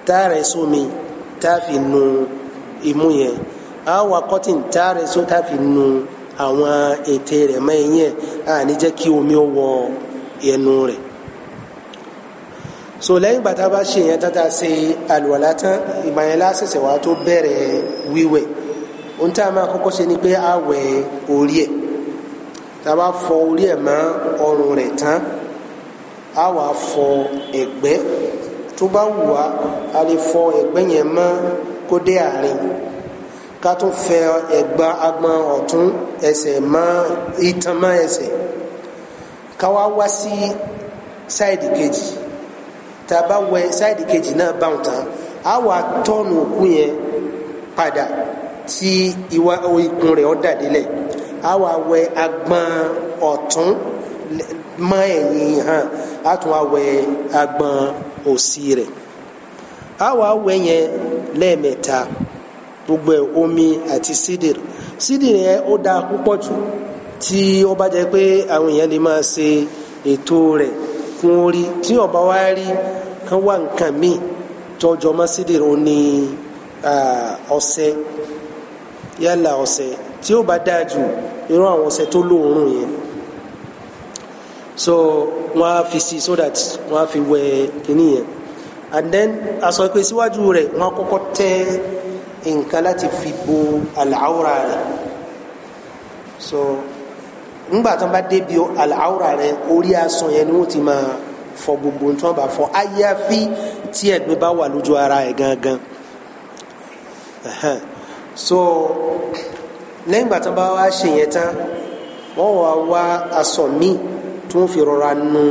tá a rẹ̀ sómi tá a fi nu imú yẹn a wà cotton tá a rẹ̀ nu àwọn ètè rẹ̀ mọ́ ẹ̀yìn ẹ̀ a ní jẹ́ kí omi ó wọ ẹnu rẹ̀ so lẹ́yìn ìgbà tá a bá ṣe yẹn tá a ṣe àlùwàlá tán ìgbà yẹn lásìsẹ́ wa tó bẹ̀rẹ̀ wíwẹ̀ ohun tá a máa kọ́kọ́ ṣe ni pé a wẹ̀ orí ẹ̀ tá a bá fọ orí ẹ̀ mọ́ ọrùn rẹ̀ tán a wà fọ ẹ̀gbẹ́ tó bá wù wá a lè fọ ẹ̀gbẹ́ yẹn mọ́ kó dé àárín ká tún fẹ ẹ̀gbà agbọ̀n ọ̀tún ẹsẹ̀ mọ́ itan mọ́ ẹsẹ̀ ká wá wá sí sáìdì kejì tá a bá wẹ sáìdì kejì náà báwọn tán a wà tọ́nu òkú yẹn padà tí ìwà ikùn rẹ̀ ọ́ dàdílẹ̀ a wà wẹ agbọ̀n ọ̀tún mọ ẹ̀yìn hàn á tún wá wẹ agbọ̀n òsì rẹ̀ á wá wẹ yẹn lẹ́ẹ̀mẹ́ta gbogbo ẹ̀ omi àti sídìrì sídìrì yẹn ó dáa púpọ̀ jù tí ó bá jẹ́ pé àwọn èèyàn lè máa ṣe ètò rẹ̀ fún orí tí ọba wa rí kán wá nǹkan míì tọjọ mọ sídìrì ó ní ọṣẹ yálà ọṣẹ tí ó bá dáa jù irú àwọn ọṣẹ tó lóòórùn yẹn so wọn á fi si so that wọn á fi wẹ kínní yẹn and then aṣọ ìpè síwájú rẹ̀ wọn kọ́kọ́ tẹ nǹkan láti fi bo àlàáwòrán rẹ̀ so ńgbà tó bá débi àlàáwòrán rẹ̀ orí aṣọ yẹn ni wọn ti máa fọ gbogbo tí wọn bá fọ àyàfi tí ẹ̀gbin bá wà lójú ara ẹ̀ gangan so lẹ́yìn ìgbà tó bá wá ṣe yẹn tán wọ́n wá wá aṣọ míì tí wọ́n fi rọra nu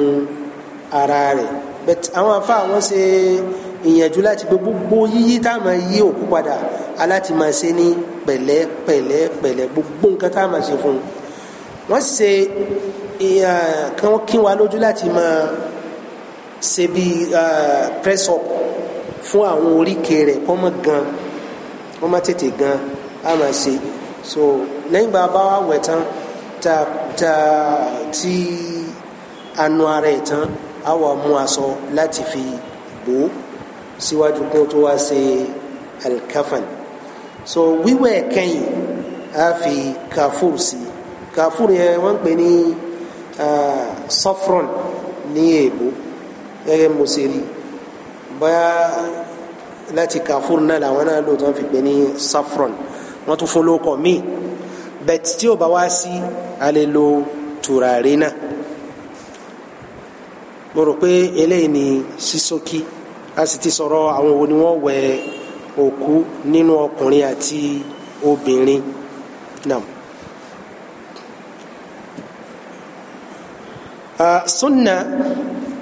ara rẹ̀ bẹ́ẹ̀ àwọn afá àwọn ṣe ìyànjú láti gbé gbogbo yíyí tá a máa yí òkú padà aláti máa ṣe ní pẹ̀lẹ́ pẹ̀lẹ́ pẹ̀lẹ́ gbogbo nǹkan tá a máa ṣe fún un wọ́n ṣe kán kí wa lójú láti máa ṣe bí press up fún àwọn oríkèé rẹ̀ kọ́ mọ́ gan wọ́n má tètè gan á máa ṣe so lẹ́yìn gbà bá wà wẹ̀ tán tá tá tí. Ta, anu ara ẹ̀ tán a wà mú aṣọ láti fi bò ó síwájú kó tó wá ṣe alikafan so wíwẹ̀ kẹ́yìn a fi kafur sí kafur yẹn wọ́n ń pè ní saffron ní èèbó gẹ́gẹ́ mo ṣe rí bóyá láti kafur náà làwọn náà lò tó ń fi pè ní saffron wọ́n tún fún lóko míì bẹ́ẹ̀ tí ó bá wá sí a lè lo tùràrí náà mo rò pé eléyìí ni sísókí a sì ti sọ̀rọ̀ àwọn wo ni wọ́n wẹ òkú nínú ọkùnrin àti obìnrin náà. sunna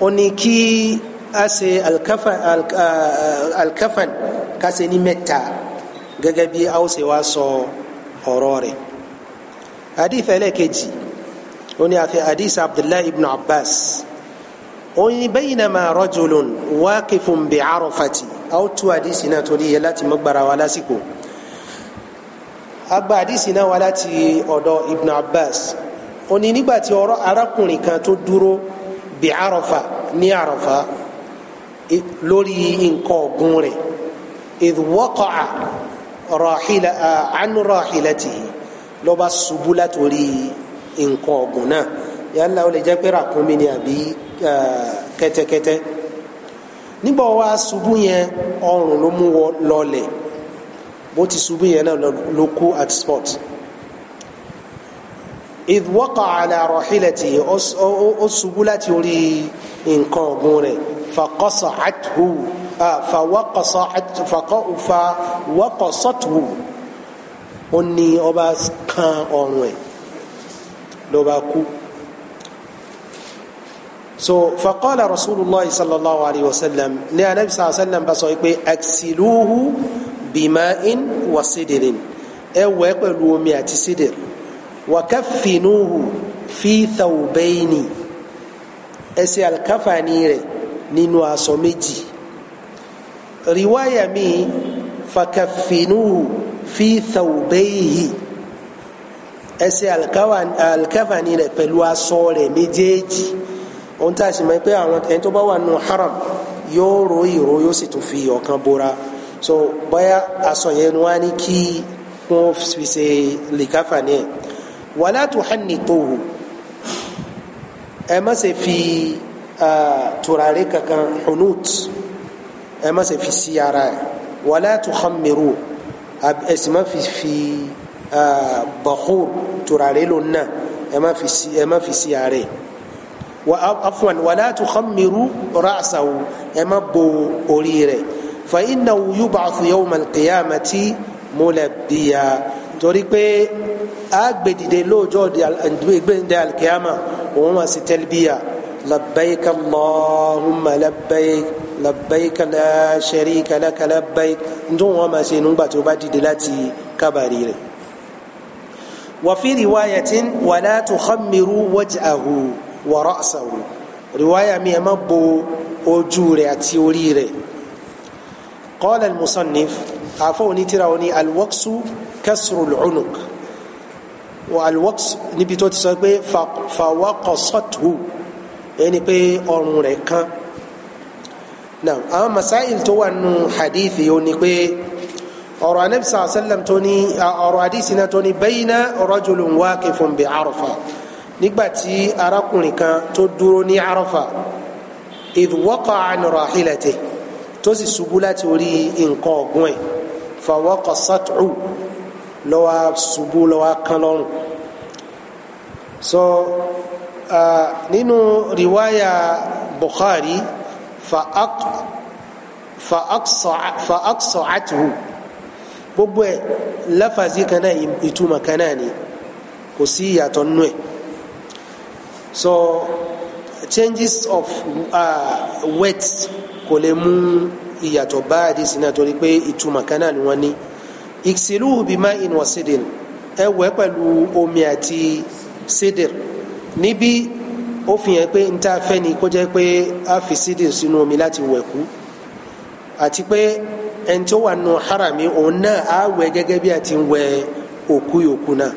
ó ní kí a ṣe alkafan alkafan ká ṣe ní mẹ́ta gẹ́gẹ́ bí a ó ṣe wá sọ ọ̀rọ̀ rẹ̀ hadith ẹlẹ́kejì ó ní àfi hadith abdullahi ibn abbas òní baynama rajulun waqifun bi Arafati àwọn tú àdìsí náà torí yẹ láti mọ́ gbára wa lásìkò agba àdìsí náà wá láti ọ̀dọ̀ Ibn Abbas òní nígbà tí ọ̀rọ̀ arákùnrin kan tó dúró bi Arafa ní Arafa lórí nǹkan ọ̀gùn rẹ̀ idh waqa'a rahila an rahilatihi ló bá ṣubú látorí yálà ó lè jẹ́ pé ràkúnmí ni àbí kẹ́tẹ́kẹ́tẹ́ nígbà wá ṣubú yẹn ọrùn ló mú wọ lọlẹ̀ bó ti ṣubú yẹn náà ló kú at spot idh waqa'a ala rahilatihi ó ṣubú láti orí nǹkan ọ̀gbìn rẹ̀ faqasa'athu fawaqasathu ó ní ọba kan ọrùn ẹ̀ ló bá kú so faqala rasulillah sallallahu alayhi wa sallam ní anabi sallallahu alayhi wa sallam bá sọ pé aksiluhu bima'in wa sidirin ẹ wẹ̀ pẹ̀lú omi àti sidir wa kafinuhu fi thawbayni ẹ ṣe alikafani rẹ̀ nínú aṣọ méjì riwaya mi fakafinuhu fi thawbayhi ẹ ṣe alikafani rẹ̀ pẹ̀lú aṣọ rẹ̀ méjèèjì ohun tá a sì mọ̀ pé àwọn ẹni tó bá wà nù haram yóò ro ìró yóò sì tún fi ọ̀kan bora so bóyá aṣọ yẹn wá ní kí wọ́n fi ṣe lìkáfà ní ẹ̀ wala tuhannituhu ẹ má ṣe fi tùràrí kankan hunut ẹ má ṣe fi sí ara ẹ̀ wala tukhammiru ẹ sì má fi fi bakhur tùràrí lónà ẹ má fi sí ara ẹ̀ afwan wala tukhammiru ra'sahu ẹ má bo orí rẹ̀ fa innahu yub'athu yawmal qiyamati mulabbiya torí pé agbèdìde lóòjọ́ gbèdìde alikiyama òun wà sí tẹlbíya labbaik allahumma labbaik labbaik la sharika laka labbaik ntun wọn ma ṣe nígbà tó bá dìde láti kábàárì rẹ̀. wa fi riwayatin wala tukhammiru waj'ahu wa ra'sahu riwaya mi ẹ má bo ojú rẹ̀ àti orí rẹ̀ qala al-musannif àfọ onítìrà òní al-waqsu kasru al-unuq wa al-waqsu níbi tó ti sọ pé fawaqasathu ẹni pé ọrùn rẹ̀ kán náà àwọn masáyìl tó wà nù hadithi ó pé ọ̀rọ̀ anabisa sallam tó ní ọ̀rọ̀ hadisi náà tó ní bayna rajulun waqifun bi Arafah nígbàtí arákùnrin kan tó dúró ní arafa idh waqa'a an rahilatihi tó sì ṣubú láti orí nǹkan ọ̀gbun ẹ̀ fa waqasat'u lọ́wọ́ ṣubú kan lọ́rùn. so uh, nínú riwaya Bukhari fa aq fa aqsa fa aqsa'athu gbogbo ẹ̀ láfàzí kan náà ìtumọ̀ ni kò sí ìyàtọ̀ nínú ẹ̀. so changes of uh, weights kò lè mú ìyàtọ̀ bá àdìsí náà torí pé ìtumọ̀ kan náà ni wọ́n ní ìṣèlú bímá ìwọ̀n sídìrì ẹ wẹ̀ pẹ̀lú omi àti sídìrì n'íbi ó fi hàn pé níta fẹ́ ni kó jẹ́ pé a fi sídìrì sínú omi láti wẹ̀ kú àti pé ẹni tó wà nù harami òun náà á wẹ̀ gẹ́gẹ́ bí a ti ń wẹ̀ òkú yòókù náà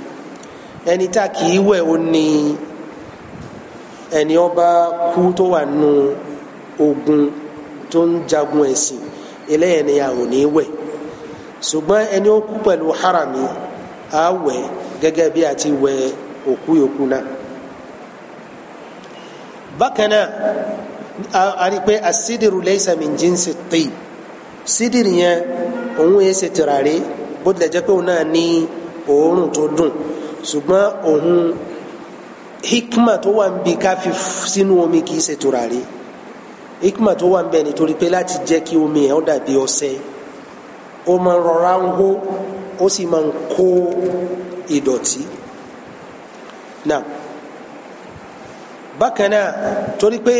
ẹni tá kì í wẹ̀ ẹni ọba kú tó wà nù ogun tó ń jagun ẹ̀sìn eléyẹn ni a ò ní wẹ̀ ṣùgbọ́n ẹni ó kú pẹ̀lú harami á wẹ̀ gẹ́gẹ́ bí a ti wẹ̀ òkú yòókù náà bákan náà a rí i pé asidiru laysa min jinsi tib sídìrì yẹn òun yẹn ṣe tìràrí bó tilẹ̀ jẹ́ pé òun náà ní òórùn tó dùn ṣùgbọ́n òun hikma tó wà ń bi ká sínú omi kì í ṣe tùràrí hikma tó wà ń bẹ nítorí pé láti jẹ́ kí omi ẹ̀ ó dàbí ọṣẹ ó máa ń rọra ń hó ó sì máa ń kó ìdọ̀tí náà bákan náà torí pé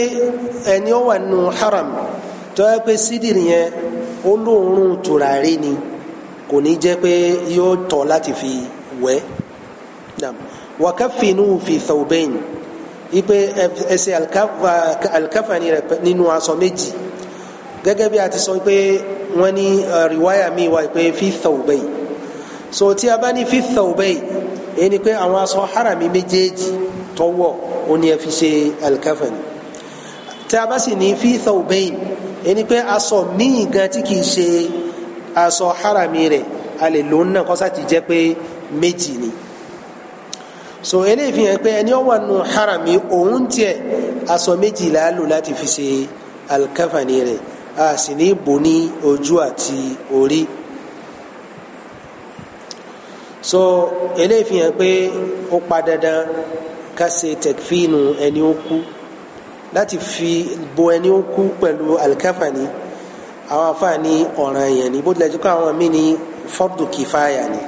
ẹni ó wà nù haram tó yẹ pé sídìrì yẹn ó lóòórùn tùràrí ni kò ní jẹ́ pé yóò tọ́ láti fi wẹ̀ náà wakafinu fi thawbain ipe ẹsẹ alikafani rẹ nínú aṣọ méjì gẹ́gẹ́ bí a ti sọ pé wọn ní uh, riwaya mi wá pé fi thawbain so tí a bá ní fi thawbain èyí ni pé àwọn harami méjèèjì tọwọ ó ní ẹ fi ṣe alikafani tí a bá sì ní fi thawbain èyí ni pé aṣọ gan tí kì í ṣe harami rẹ a lè lò ó náà ti jẹ́ pé méjì ni so eléyìí fi hàn pé ẹni ó wà nù harami òun tiẹ̀ aṣọ méjìlá lò láti fi ṣe alikafani rẹ̀ a sì ní bò ní ojú àti orí so eléyìí fi hàn pé ó pa dandan ká ṣe tẹkfínu ẹni ó kú láti fi bo ẹni ó kú pẹ̀lú alikafani àwọn afáàní ọ̀ràn yẹn ni bó tilẹ̀ jẹ́ kó àwọn míì ní fardu kìfáyà ni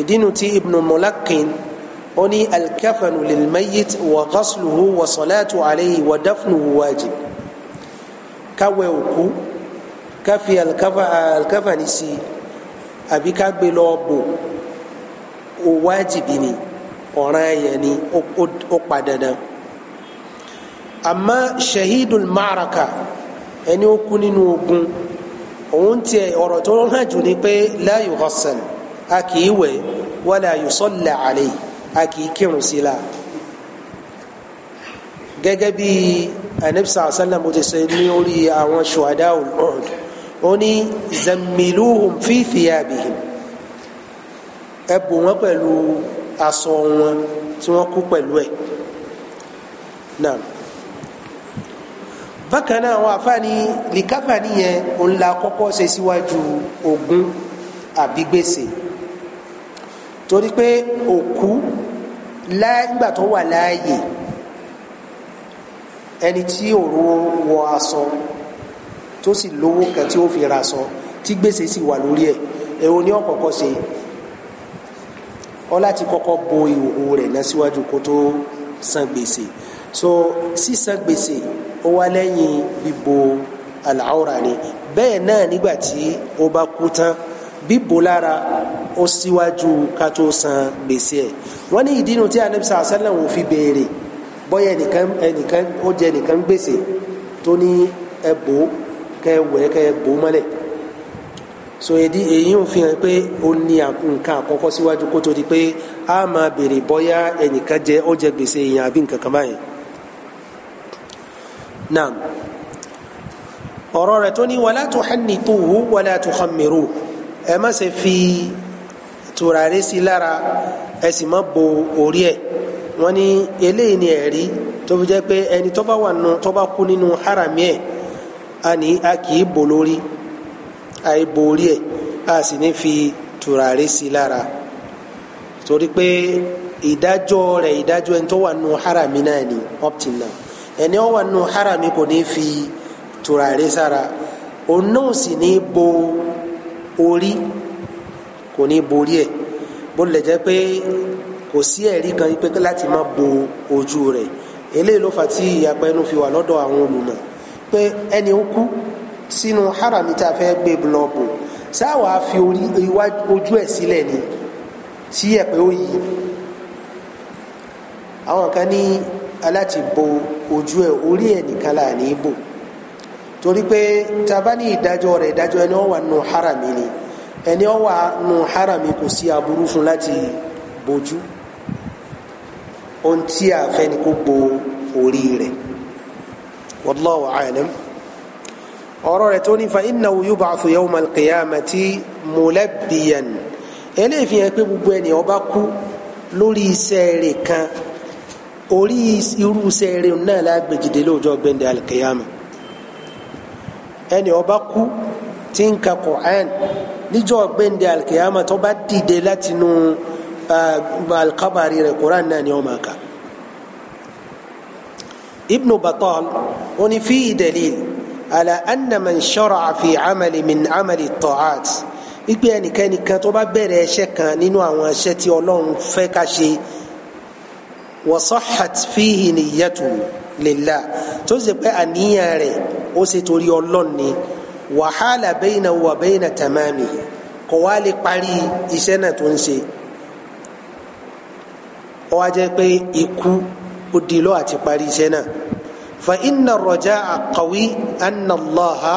ìdí nu ti Ibn Mulaqqin ó ní alkafanu lilmayit wa ghasluhu wa salatu alayhi wa dafnuhu wajib káwé òkú káfi alkafani sí àbí ká gbé lọ bò ó wájibì ni ọ̀ràn ẹ̀yẹ ni ó pa dandan àmọ́ shahidul ma'araka ẹni ó kú nínú ogun òun tiẹ̀ ọ̀rọ̀ tó hàn jù ni pé la yughsal a kì í wẹ̀ wala yusalla alayhi a kì í kírun sí la gẹ́gẹ́ bí anabisa asalam o ti sọ ní orí àwọn ṣùwádà ọ̀d ó ní zamiluhum fi thiyabihim ẹ bò wọ́n pẹ̀lú aṣọ wọn tí wọ́n kú pẹ̀lú ẹ̀ náà bákan náà àwọn àfáàní lìkáfà nìyẹn òun la ṣe síwájú ogún àbí torí pé òkú nígbà tó wà láàyè ẹni tí òun wọ aṣọ tó sì lówó kan tí ó fi ra aṣọ tí gbèsè sì wà lórí ẹ̀ èwo ni ó kọ́kọ́ ṣe ọ láti kọ́kọ́ bo ìhòòhò rẹ̀ náà síwájú kó tó san gbèsè so sísan gbèsè ó wá lẹ́yìn bíbo àlàáwòrán ni bẹ́ẹ̀ náà nígbà tí ó bá kú tán bíbò lára ó síwájú ká tó san gbèsè ẹ̀ wọ́n ní ìdí inú tí anabi sàásánlẹ̀ wò fi béèrè bọ́yá ẹnìkan ẹnìkan ó jẹ ẹnìkan gbèsè tó ní ẹ bò ó kẹ wẹ̀ kẹ bò ó mọ́lẹ̀ so èdí èyí ń fi hàn pé ó ní nǹkan àkọ́kọ́ síwájú kó tó di pé a máa béèrè bọ́yá ẹnìkan jẹ ó jẹ gbèsè èèyàn àbí nǹkan kan báyìí naam ọ̀rọ̀ rẹ̀ tó ní wala tuhannituhu wala tuhammiruhu. ẹ má se fi tùràrí sí lára ẹ sì má bo orí ẹ̀ wọ́n ní eléyìí ni ẹ̀rí tó fi jẹ́ pé ẹni tó bá wà nù tó bá kú nínú harami ẹ̀ a ní a kì í bò lórí a yìí bo orí ẹ̀ a sì ní fi tùràrí sí lára torí pé ìdájọ́ rẹ̀ ìdájọ́ ẹni tó wà nù harami náà ni up till now ẹni ó wà nù harami kò ní fi tùràrí sára òun náà sì ní bo orí kò ní borí ẹ̀ bó lè jẹ́ pé kò sí ẹ̀rí kan pé láti má bo ojú rẹ̀ eléyìí ló fà tí ìyapa ẹnu fi wà lọ́dọ̀ àwọn olùmọ̀ pé ẹni ó kú sínú harami tá a fẹ́ gbé búlọ́ọ̀bù sáwà fi ojú ẹ̀ sílẹ̀ ni tí ẹ̀pẹ́ ó yí àwọn kan ní aláti bo ojú ẹ̀ orí ẹ̀ nìkan là ní bò torí pé taba ní ìdájọ́ rẹ̀ ìdájọ́ ẹni ó wà nù harami ni ẹni ó wà nù harami kò sí aburú fún láti bójú ohun tí a fẹ́ ni kó bo orí rẹ̀ wallahu a'lam ọ̀rọ̀ rẹ̀ tó ní fa innahu yub'athu yawma al-qiyamati mulabbiyan eléyìí fi hàn pé gbogbo ẹni ó kú lórí iṣẹ́ rẹ̀ kan orí irú iṣẹ́ rẹ̀ náà lágbèjìdé lọ́jọ́ gbẹ̀ndẹ̀ al ẹni ó bá kú tí ń ka Qur'an níjọ́ gbẹ̀ndẹ̀ alikiyama tó bá dìde láti nu alikabari rẹ̀ Qur'an náà ni ó máa kà. Ibn Battal ó ní fi dalil ala anna man shara'a fi amali min amali ta'at ipe ẹnikẹ́ni kan tó bá bẹ̀rẹ̀ ẹ̀ṣẹ̀ kan nínú àwọn ẹ̀ṣẹ̀ tí Ọlọ́run fẹ́ ká ṣe wa fihi niyyatuhu lillah tó sì pé àníyàn rẹ̀ ó sì torí ọlọ́run ni wàhálà bayna wa bayna tamami kò wá lè parí iṣẹ́ náà tó ń ṣe ó wá jẹ́ pé ikú ó di lọ́ àti parí iṣẹ́ náà fa inna ar-raja'a anna Allaha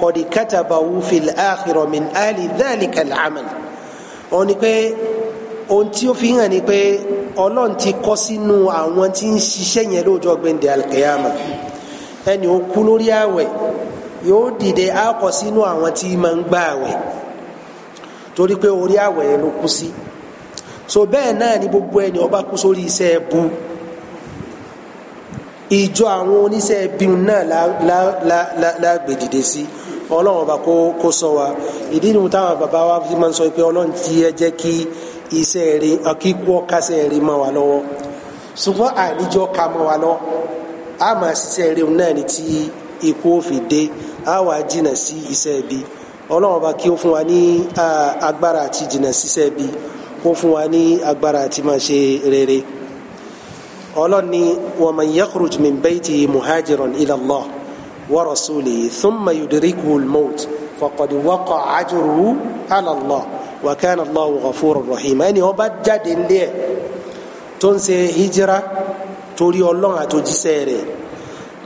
qad katabahu fil akhirah min ali dhalika al-amal ó pé ohun tí ó fi hàn ni pé ọlọ́run ti kọ́ sínú àwọn tí ń ṣiṣẹ́ yẹn lọ́jọ́ gbẹ̀ndẹ̀ alkiyama ẹni ó kú lórí àwẹ̀ yóò dìde á kọ́ sínú àwọn tí máa ń gbà àwẹ̀ torí pé orí àwẹ̀ yẹn ló kú sí so bẹ́ẹ̀ náà ni gbogbo ẹni ó bá kú sórí iṣẹ́ ẹbu ìjọ àwọn oníṣẹ́ ẹbí náà lágbèdìde sí ọlọ́run ọba kó sọ wa ìdí ni mo táwọn bàbá wa fi máa ń sọ pé ọlọ́run ti ẹ jẹ́ kí iṣẹ́ rí kíkọ́ kásẹ̀ rí mọ́ wa lọ́wọ́ ṣùgbọ́n àníjọ́ ka mọ́ wa lọ́wọ́ a máa ṣiṣẹ́ rí náà ní ti ikú òfin dé a wàá jìnnà sí iṣẹ́ ibi ọlọ́run ọba kí ó fún wa ní agbára àti jìnnà síṣẹ́ ibi kó fún wa ní agbára àti máa ṣe rere ọlọ́run ni wa man yakhruj min baytihi muhajiran ila Allah wa rasulihi thumma yudrikuhu al-maut faqad waqa'a wa kana Allahu ghafuran rahim ẹni ó bá jáde nílé ẹ̀ tó ń ṣe hijira torí ọlọ́run àtòjíṣẹ́ rẹ̀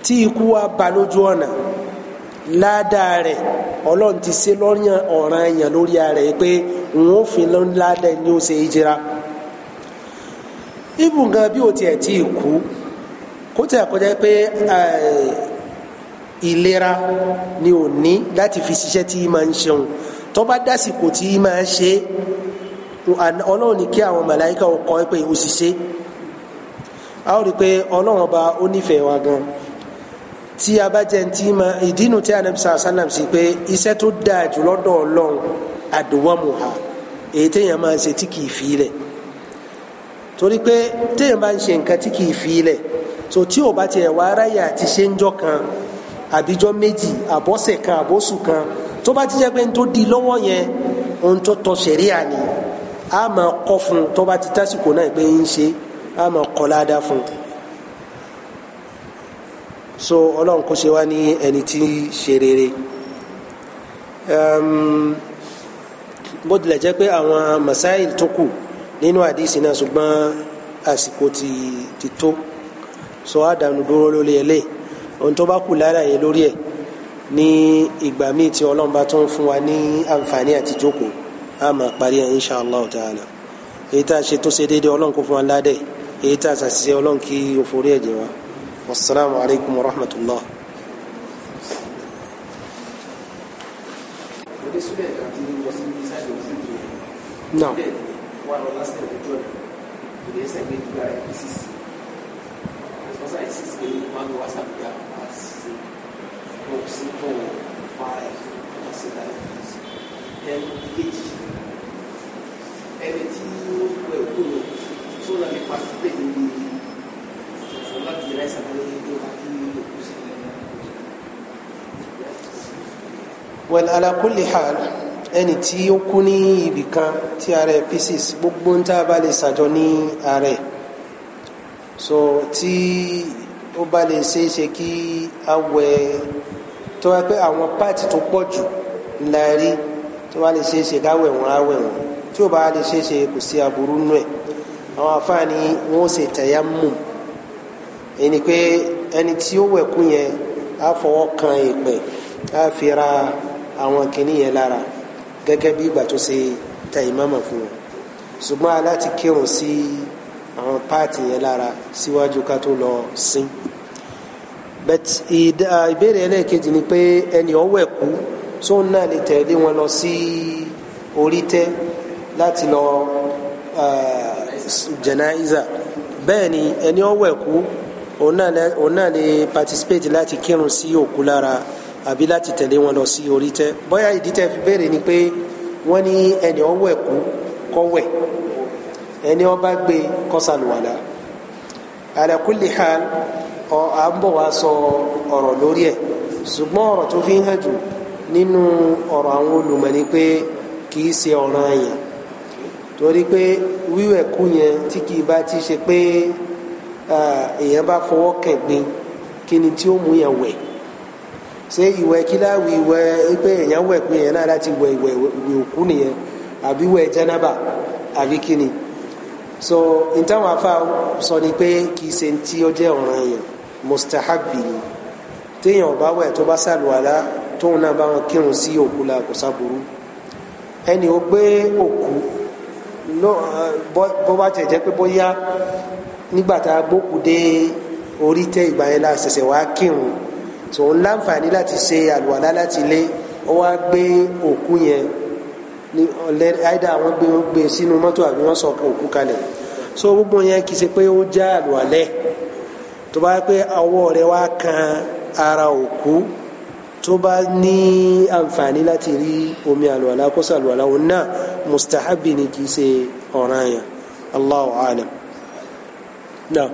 tí ikú wa bá lójú ọ̀nà ládàá rẹ̀ ọlọ́run ti ṣe lọ́yàn ọ̀ràn èèyàn lórí ara ẹ̀ pé n ó fi ládàá ni ó ṣe hijira ibùgàn bí o tiẹ̀ tí ì kú kó tẹ̀ kọjá pé eh, ìlera ni ò ní láti fi ṣiṣẹ́ tí máa ń ṣeun tó bá dásìkò tí máa ṣe ọlọ́run ní kí àwọn màláíkà ọkọ pé o sì ṣe a ó rí i pé ọlọ́run ọba ó nífẹ̀ẹ́ wa gan tí a bá jẹ́ ti máa ìdínú tí anabi sàlám sàlám sí pé iṣẹ́ tó dáa jù lọ́dọ̀ ọlọ́run àdùwọ́mù ha èyí téèyàn máa ṣe tí kì fi lẹ̀ torí pé téèyàn bá ń ṣe nǹkan tí kì fi lẹ̀ so tí o bá tiẹ̀ wá aráyà àti ṣe ń jọ kan àbíjọ méjì àbọ̀sẹ̀ kan àbọ̀sù kan tó bá ti jẹ́ pé n tó di lọ́wọ́ yẹn ohun tó tọ́ sẹ̀ríà ni a máa kọ́ fún tó bá ti tásìkò náà pé ń ṣe a máa kọ́ ládàá fún so ọlọ́run kò ṣe wá ní ẹni tí ń ṣe rere bó tilẹ̀ jẹ́ pé àwọn masáìl tó kù nínú àdìsí náà ṣùgbọ́n àsìkò ti tó so àdánù dúró lórí ẹ̀ lé ohun tó bá kù lára yẹn lórí ẹ̀ ní ìgbà míì tí ọlọ́run bá tún fún wa ní àǹfààní àti jókòó a máa parí ẹ̀ insha allah ta'ala èyí tá a ṣe tó ṣe déédéé ọlọ́run kó fún wa ládẹ̀ èyí tá a ṣàṣìṣe ọlọ́run kí o ẹ̀jẹ̀ wa wasalaamu alaykum wa rahmatulah. No. Ìgbésẹ̀ méjìlá ẹ̀ sísì. Ìgbésẹ̀ sísì pé wọ́n á lọ wá sábìá wọn kò sí fún fara ẹ̀ wọ́n sì dá ẹ̀ fún sí. ẹnu ìkejì ẹni tí ó wọ ẹ̀kú rẹ̀ tó lọ nípa síbẹ̀ níbi ìfọ̀ láti yẹra ìsàlẹ̀ ẹgbẹ́ wa kí òkú sí ilẹ̀ ala kulli hal ẹni tí ó kú ní ibì kan tí ara ẹ̀ pieces gbogbo ń tá a bá lè ṣàjọ ní ara ẹ̀ so tí ó bá lè ṣeéṣe kí a tó wá pé àwọn páàtì tó pọ̀ jù ńlá rí tó bá lè ṣe é ṣe káwẹ̀ wọn á wẹ̀ wọn tí ò bá lè ṣe é ṣe kò sí aburú nù ẹ̀ àwọn afáàní wọn ò ṣe tayammum èyí ni pé ẹni tí ó wẹ̀ kú yẹn á fọwọ́ kan èèpẹ̀ á fi ra àwọn kìnnì yẹn lára gẹ́gẹ́ bí ìgbà tó ṣe tayimama fún wọn ṣùgbọ́n aláti kírun sí àwọn páàtì yẹn lára síwájú ká tó lọ sin but ìbéèrè ẹlẹ́ẹ̀kejì ni pé ẹni ọwọ́ ẹ̀kú tó ń náà lè tẹ̀lé wọn lọ sí orí tẹ́ láti lọ jẹnáíza bẹ́ẹ̀ ni ẹni ọwọ́ ẹ̀kú òun náà lè participate láti kírun sí òkú lára àbí láti tẹ̀lé wọn lọ sí orí tẹ́ bóyá ìdí tẹ́ fi béèrè ni pé wọ́n ní ẹni ọwọ́ ẹ̀kú kọ́wẹ̀ ẹni ó gbé kọ́sàlùwàlà ala kulli hal. à ń sọ ọ̀rọ̀ lórí ẹ̀ ṣùgbọ́n ọ̀rọ̀ tó fi ń hàn jù nínú ọ̀rọ̀ àwọn olùmọ̀ ni pé kì í ṣe ọ̀ràn àyàn torí pé wíwẹ̀ kú yẹn tí kì í bá ti ṣe pé èèyàn bá fọwọ́ kẹ̀gbin kí ni tí ó mú yẹn wẹ̀ ṣé ìwẹ̀ kí ìwẹ̀ pé èèyàn wẹ̀ so n táwọn afa sọ ni pé kì í ṣe ti yẹn. mustahabi ni téèyàn bá wẹ̀ tó bá sàlùwàlá tóun náà bá wọn kírun sí òkú la kò sábúrú ẹni ó gbé òkú bó bá tẹ̀ jẹ́ pé bóyá nígbà tá a gbókù dé orí tẹ ìgbà yẹn la ṣẹ̀ṣẹ̀ wá kírun tó ń láǹfààní láti ṣe àlùwàlá láti lé ó wá gbé òkú yẹn ní ọ̀lẹ́ àìdá àwọn gbé gbé sínú mọ́tò àbí wọ́n sọ òkú kalẹ̀ so gbogbo yẹn kì í ṣe pé ó já àlùwàlẹ́ tó bá pé awọ rẹ wá kan ara òkú tó bá ní àǹfààní láti rí omi àlùwàlá kó sàlùwàlá òun náà mustahabi ni kì í ṣe ọ̀ràn yẹn Allahu alam náà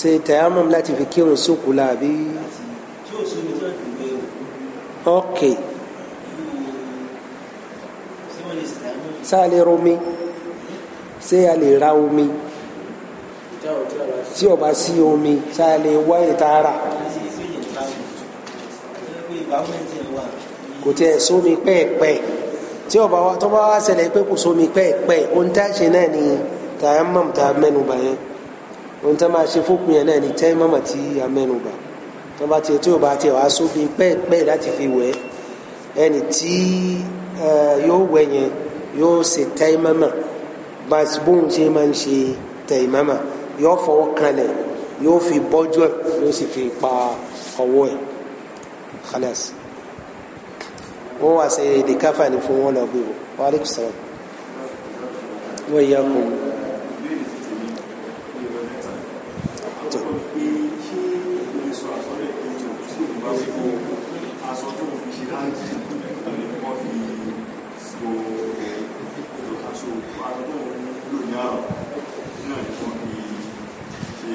ṣe tẹ̀yàmọ̀ láti fi kírun sókù láàbí. ok sáàlẹ̀ romi ṣé a lè ra omi tí ó bá sí omi sáàlẹ̀ wá ìtara kò tiẹ̀ sómi pẹ́ẹ̀pẹ́ tí ó bá wa tó bá wá ṣẹlẹ̀ pé kò sómi pẹ́ẹ̀pẹ́ ohun tá a ṣe náà ni tàyámọ̀m tá mẹ́nu bàyẹn ohun tó máa ṣe fópin yẹn náà ni tẹ́ mọ́mọ́ tí a mẹ́nu bà tó bá tiẹ̀ tí ò bá tiẹ̀ wá sóbi pẹ́ẹ́pẹ́ láti fi wẹ̀ ẹni tí yóò wẹ̀ yẹn yóò ṣe tẹ́ mọ́mọ́ bá bóun ṣe máa ń ṣe tẹ́ mọ́mọ́ yóò fọwọ́ kanlẹ̀ yóò fi bọ́jú ẹ̀ yóò sì fi pa ọwọ́ ẹ̀ khalas wọ́n wá ṣe èdè káfà ní fún wọn lọ gbé wọ́n wàlẹ́kùsọ̀rọ̀ wọ́n yẹ kó.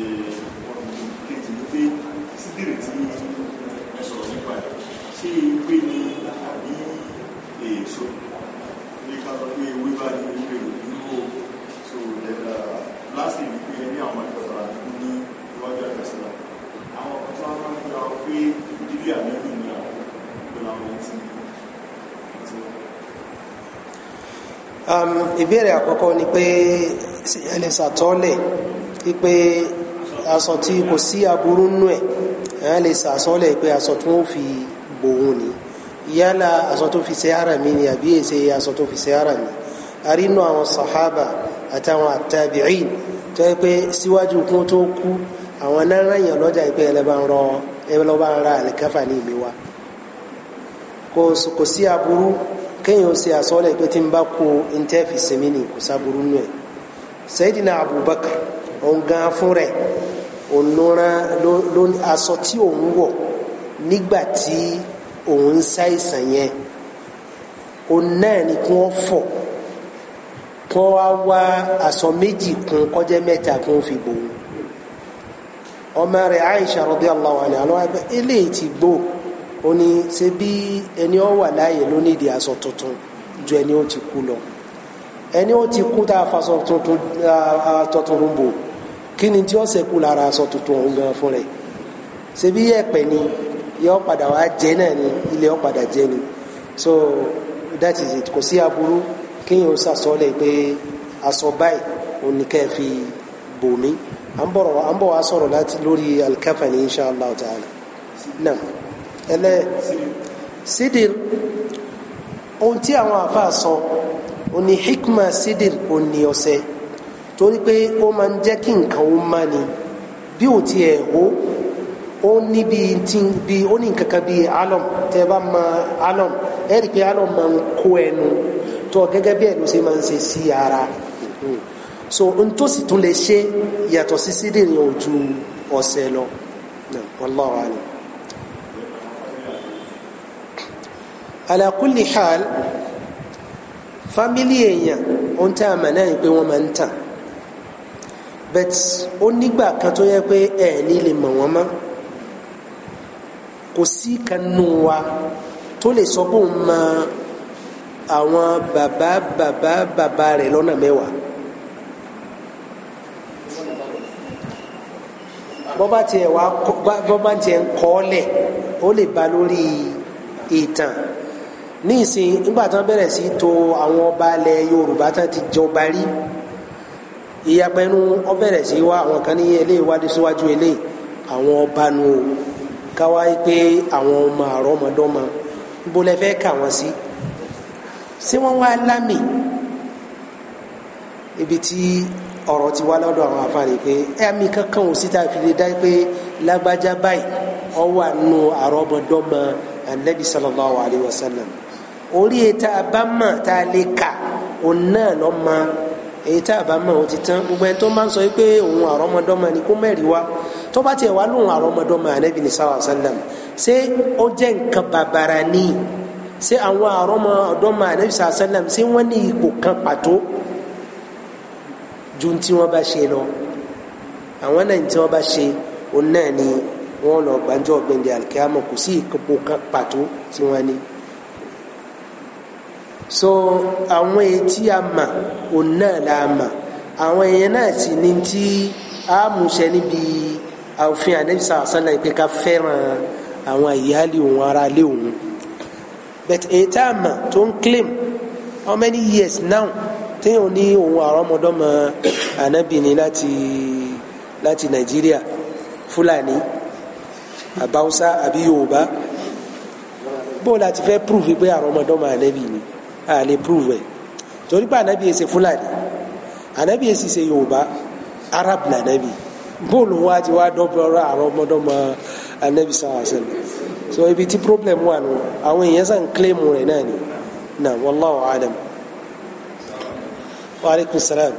ọ̀nà kejì ní pé sídìrì tí ẹ sọ̀rọ̀ nípa ẹ̀ ṣé ewé ni àbí èso ní ká sọ pé ewé bá ní ewé ìdúró tó lẹ́la láti rí pé ní àwọn ìgbàgbọ́ àdúgbò ní iwájú àgbàsílà àwọn ọkọ̀ tó wá máa ìbéèrè àkọ́kọ́ ni pé ẹni ṣàtọ́lẹ̀ wípé aṣọ tí kò sí aburú nù ẹ̀ ẹ̀ lè sàsọ́lẹ̀ pé aṣọ tí fi bòun ni yálà aṣọ tó fi ṣe ara mi ni àbí èsè fi ṣe ara mi arínú àwọn sàhábà àtàwọn tó yẹ pé síwájú kún tó kú àwọn náírà yẹn yìí pé ń rọ ń ra ní ìmí wa kò sí aburú kéèyàn ṣe pé tí n bá kó sinmi ni kò Abubakar òun gan fún onúran ló aṣọ tí òun wọ̀ nígbà tí òun ń ṣàìsàn yẹn òun náà ni kí wọ́n fọ̀ kí wọ́n wá wá aṣọ méjì kún kọjá mẹ́ta kí wọ́n fi bòun ọmọ rẹ̀ Aisha radiyallahu anha àná ẹgbẹ́ eléyìí ti gbó ó ṣe bí ẹni ó wà láàyè ló nídìí aṣọ tuntun ju ẹni ó ti kú lọ ẹni ó ti kú tá a fa aṣọ tuntun bò kí ni tí ó ṣẹ́kù lára aṣọ tuntun òun gan fún rẹ̀ ṣebí ẹ̀pẹ̀ ni yọ padà wá jẹ náà ni ilé ọ padà jẹ ni so that is it kò sí aburú kéèyàn ó ṣàsọlẹ̀ pé aṣọ báyìí òun ni kẹ́ẹ̀ fi bò mí à ń bọ̀rọ̀ à ń bọ̀ wá sọ̀rọ̀ láti lórí alikafa ni insha allah ta'ala náà ẹlẹ sidir ohun tí àwọn àfa sọ òní hikma sidir òní ọsẹ torí pé ó máa ń jẹ́ kí nǹkan ó má ni bí ò tiẹ̀ hó ó ní bí ti bí ó ní nǹkan kan bí alum tẹ bá ma alum ẹ rí i pé alum máa ń kó ẹnu tó gẹ́gẹ́ bí ẹnu ṣe máa ń ṣe sí ara so n tó sì tún lè ṣe yàtọ̀ sí sídìrín ojú ọ̀sẹ̀ lọ wallahu alim. ala kulli hal fámílì èèyàn ohun tá a mọ̀ náà ni pé wọ́n máa ń tàn but ó nígbà kan tó yẹ pé ẹ ní lè mọ̀ wọ́n mọ́ kò sí kanú wa tó lè sọ pé òun mọ àwọn bàbá bàbá bàbá rẹ̀ lọ́nà mẹ́wàá. bọ́bá tiẹ̀ wá bọ́bá tiẹ̀ ń kọ́ lẹ̀ ó lè ba lórí ìtàn nísìnyí nígbà tí wọ́n bẹ̀rẹ̀ sí to àwọn ọba ilẹ̀ Yorùbá tán ti jọba rí ìyapẹnu ọbẹ̀rẹ̀ sí wa àwọn kan ní eléyìí wádìí síwájú eléyìí àwọn ọba nu o káwá pé àwọn ọmọ àrọ́mọdọ́mọ níbo lẹ fẹ́ kà wọ́n sí ṣé wọ́n wá lámì ibi tí ọ̀rọ̀ ti wá lọ́dọ̀ àwọn afáàní pé ẹ̀mí kankan ò síta fi dá pé lágbájá báyìí ó wà nù àrọ́mọdọ́mọ anabi sallallahu alayhi wa sallam orí e ta bá mọ̀ tá a lè kà òun náà lọ́ máa èyí tá a bá mọ̀ ó ti tán gbogbo ẹni tó máa ń sọ pé òun àrọ́mọdọ́mọ ni kó mẹ́rin wá tó bá tiẹ̀ wá lóun àrọ́mọdọ́mọ ànábì ní sáwà sálàm ṣé ó jẹ́ nǹkan bàbàrà ni ṣé àwọn àrọ́mọdọ́mọ ànábì sáwà sálàm ṣé wọ́n ní ipò kan pàtó ju tí wọ́n bá ṣe lọ àwọn náà tí wọ́n bá ṣe òun náà ni wọ́n lọ gbàǹjọ́ gbẹ̀ndẹ̀ àlùkìyámọ̀ kò sí ipò kan pàtó tí wọ́n ní so àwọn etí a mà òun náà la mà àwọn èèyàn náà sì ní tí a múṣẹ níbi àwòfin ànẹ́bísà àṣálà ìpè ká fẹ́ràn àwọn ìyáálé òun ara lé òun but èyí tá a mà tó ń claim how many years now téèyàn ní òun àrọ́mọdọ́mọ ànábìnrin láti láti nàìjíríà fúlàní àbáwúsá àbí yorùbá bó o láti fẹ́ prove pé àrọ́mọdọ́mọ ànábìnrin a lè prove ẹ̀ torí pé anabi ẹsẹ̀ fúlàní anabi ẹsẹ̀ ṣe yorùbá arab lànàbì bóòlù wa ti wá dọ́bọ̀rọ̀ àwọn ọmọdọ́mọ anabi sàwọn àṣẹlẹ̀ so ibi tí problem wà nù àwọn èèyàn sàn claim rẹ̀ náà ni na wallahu alam wa aleykum salaam.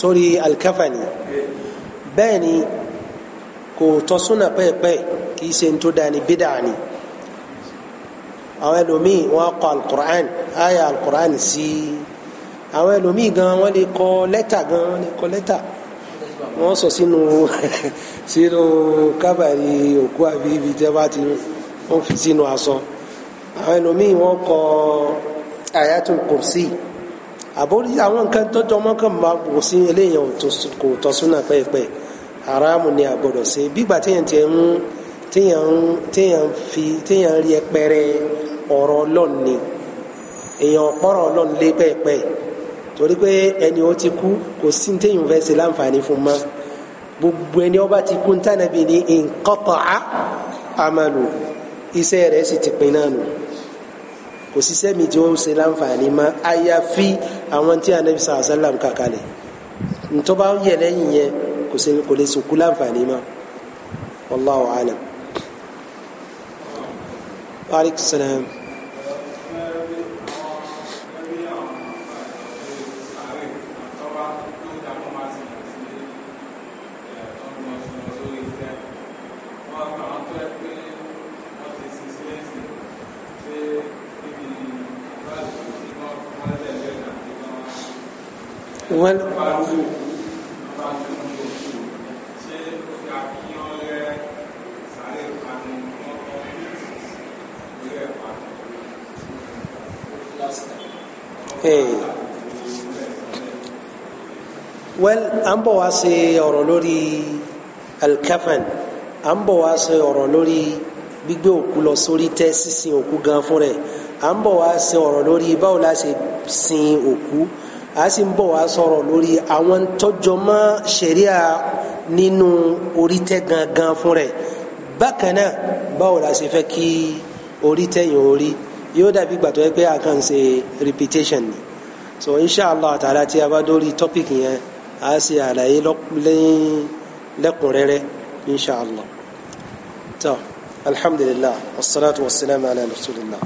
sórí alikafani bẹ́ẹ̀ ni kò tọ́ súnà pẹ́ẹ́pẹ́ kì í ṣe ń tó dání bídà ni àwọn ẹlòmíì wọn kọ alukur'an aya alukur'an sí i àwọn ẹlòmíì gan wọn lè kọ lẹ́tà gan wọn lè kọ lẹ́tà wọn sọ sínú sínú kábàárì òkú àbí ibi tí bá ti wọn fi sínú aṣọ àwọn ẹlòmíì wọn kọ ayatul kursi àbórí àwọn nǹkan tọ́jọ́ mọ́kàn máa wò sí eléyàn kò tọ́ súnà pẹ́ẹ́pẹ́ haramu ni àgbọ̀dọ̀ ṣe bígbà téèyàn tiẹ̀ ń téèyàn ń téèyàn fi téèyàn rí ẹpẹrẹ ọ̀rọ̀ ọlọ́run ni èèyàn ọ̀pọ̀rọ̀ ọlọ́run lé pẹ́ẹ́pẹ́ torí pé ẹni ó ti kú kò sí téèyàn fẹ́ ṣe láǹfààní fún mọ́ gbogbo ẹni ọba ti kú ntànàbí ni nǹkan tọ́ a amalu iṣẹ́ rẹ̀ sì ti pin náà nù kò sí sẹ́mi tí ó ń ṣe láǹfààní mọ́ àyàfi àwọn tí anabi sàlá sàlám kàkálẹ̀ ntọ́ba yẹ lẹ́yìn yẹn kò lè sùn láǹfààní mọ́ wallahu alam. wa à wa se wá ṣe alkafan à wa se wá ṣe ọ̀rọ̀ lórí gbígbé òkú lọ sórí tẹ́ sísin òkú gan fún rẹ̀ à ń bọ̀ wá ṣe ọ̀rọ̀ lórí báwo la ṣe sin òkú a sì ń bọ̀ wá sọ̀rọ̀ lórí àwọn tọ́jọ́ mọ́ ṣẹ̀ríà nínú orítẹ́ gangan fún rẹ̀ bákan náà la ṣe fẹ́ kí orítẹ́ yẹn orí yóò dàbí gbàtọ́ pé a kàn ń ṣe repetition ni so inshallah tààrà tí a bá dórí topic yẹn a ṣe àlàyé lẹ́kùnrẹ́rẹ́ inshàlá tó alhamdulillah wassalatu wassalamu ala rasulillah.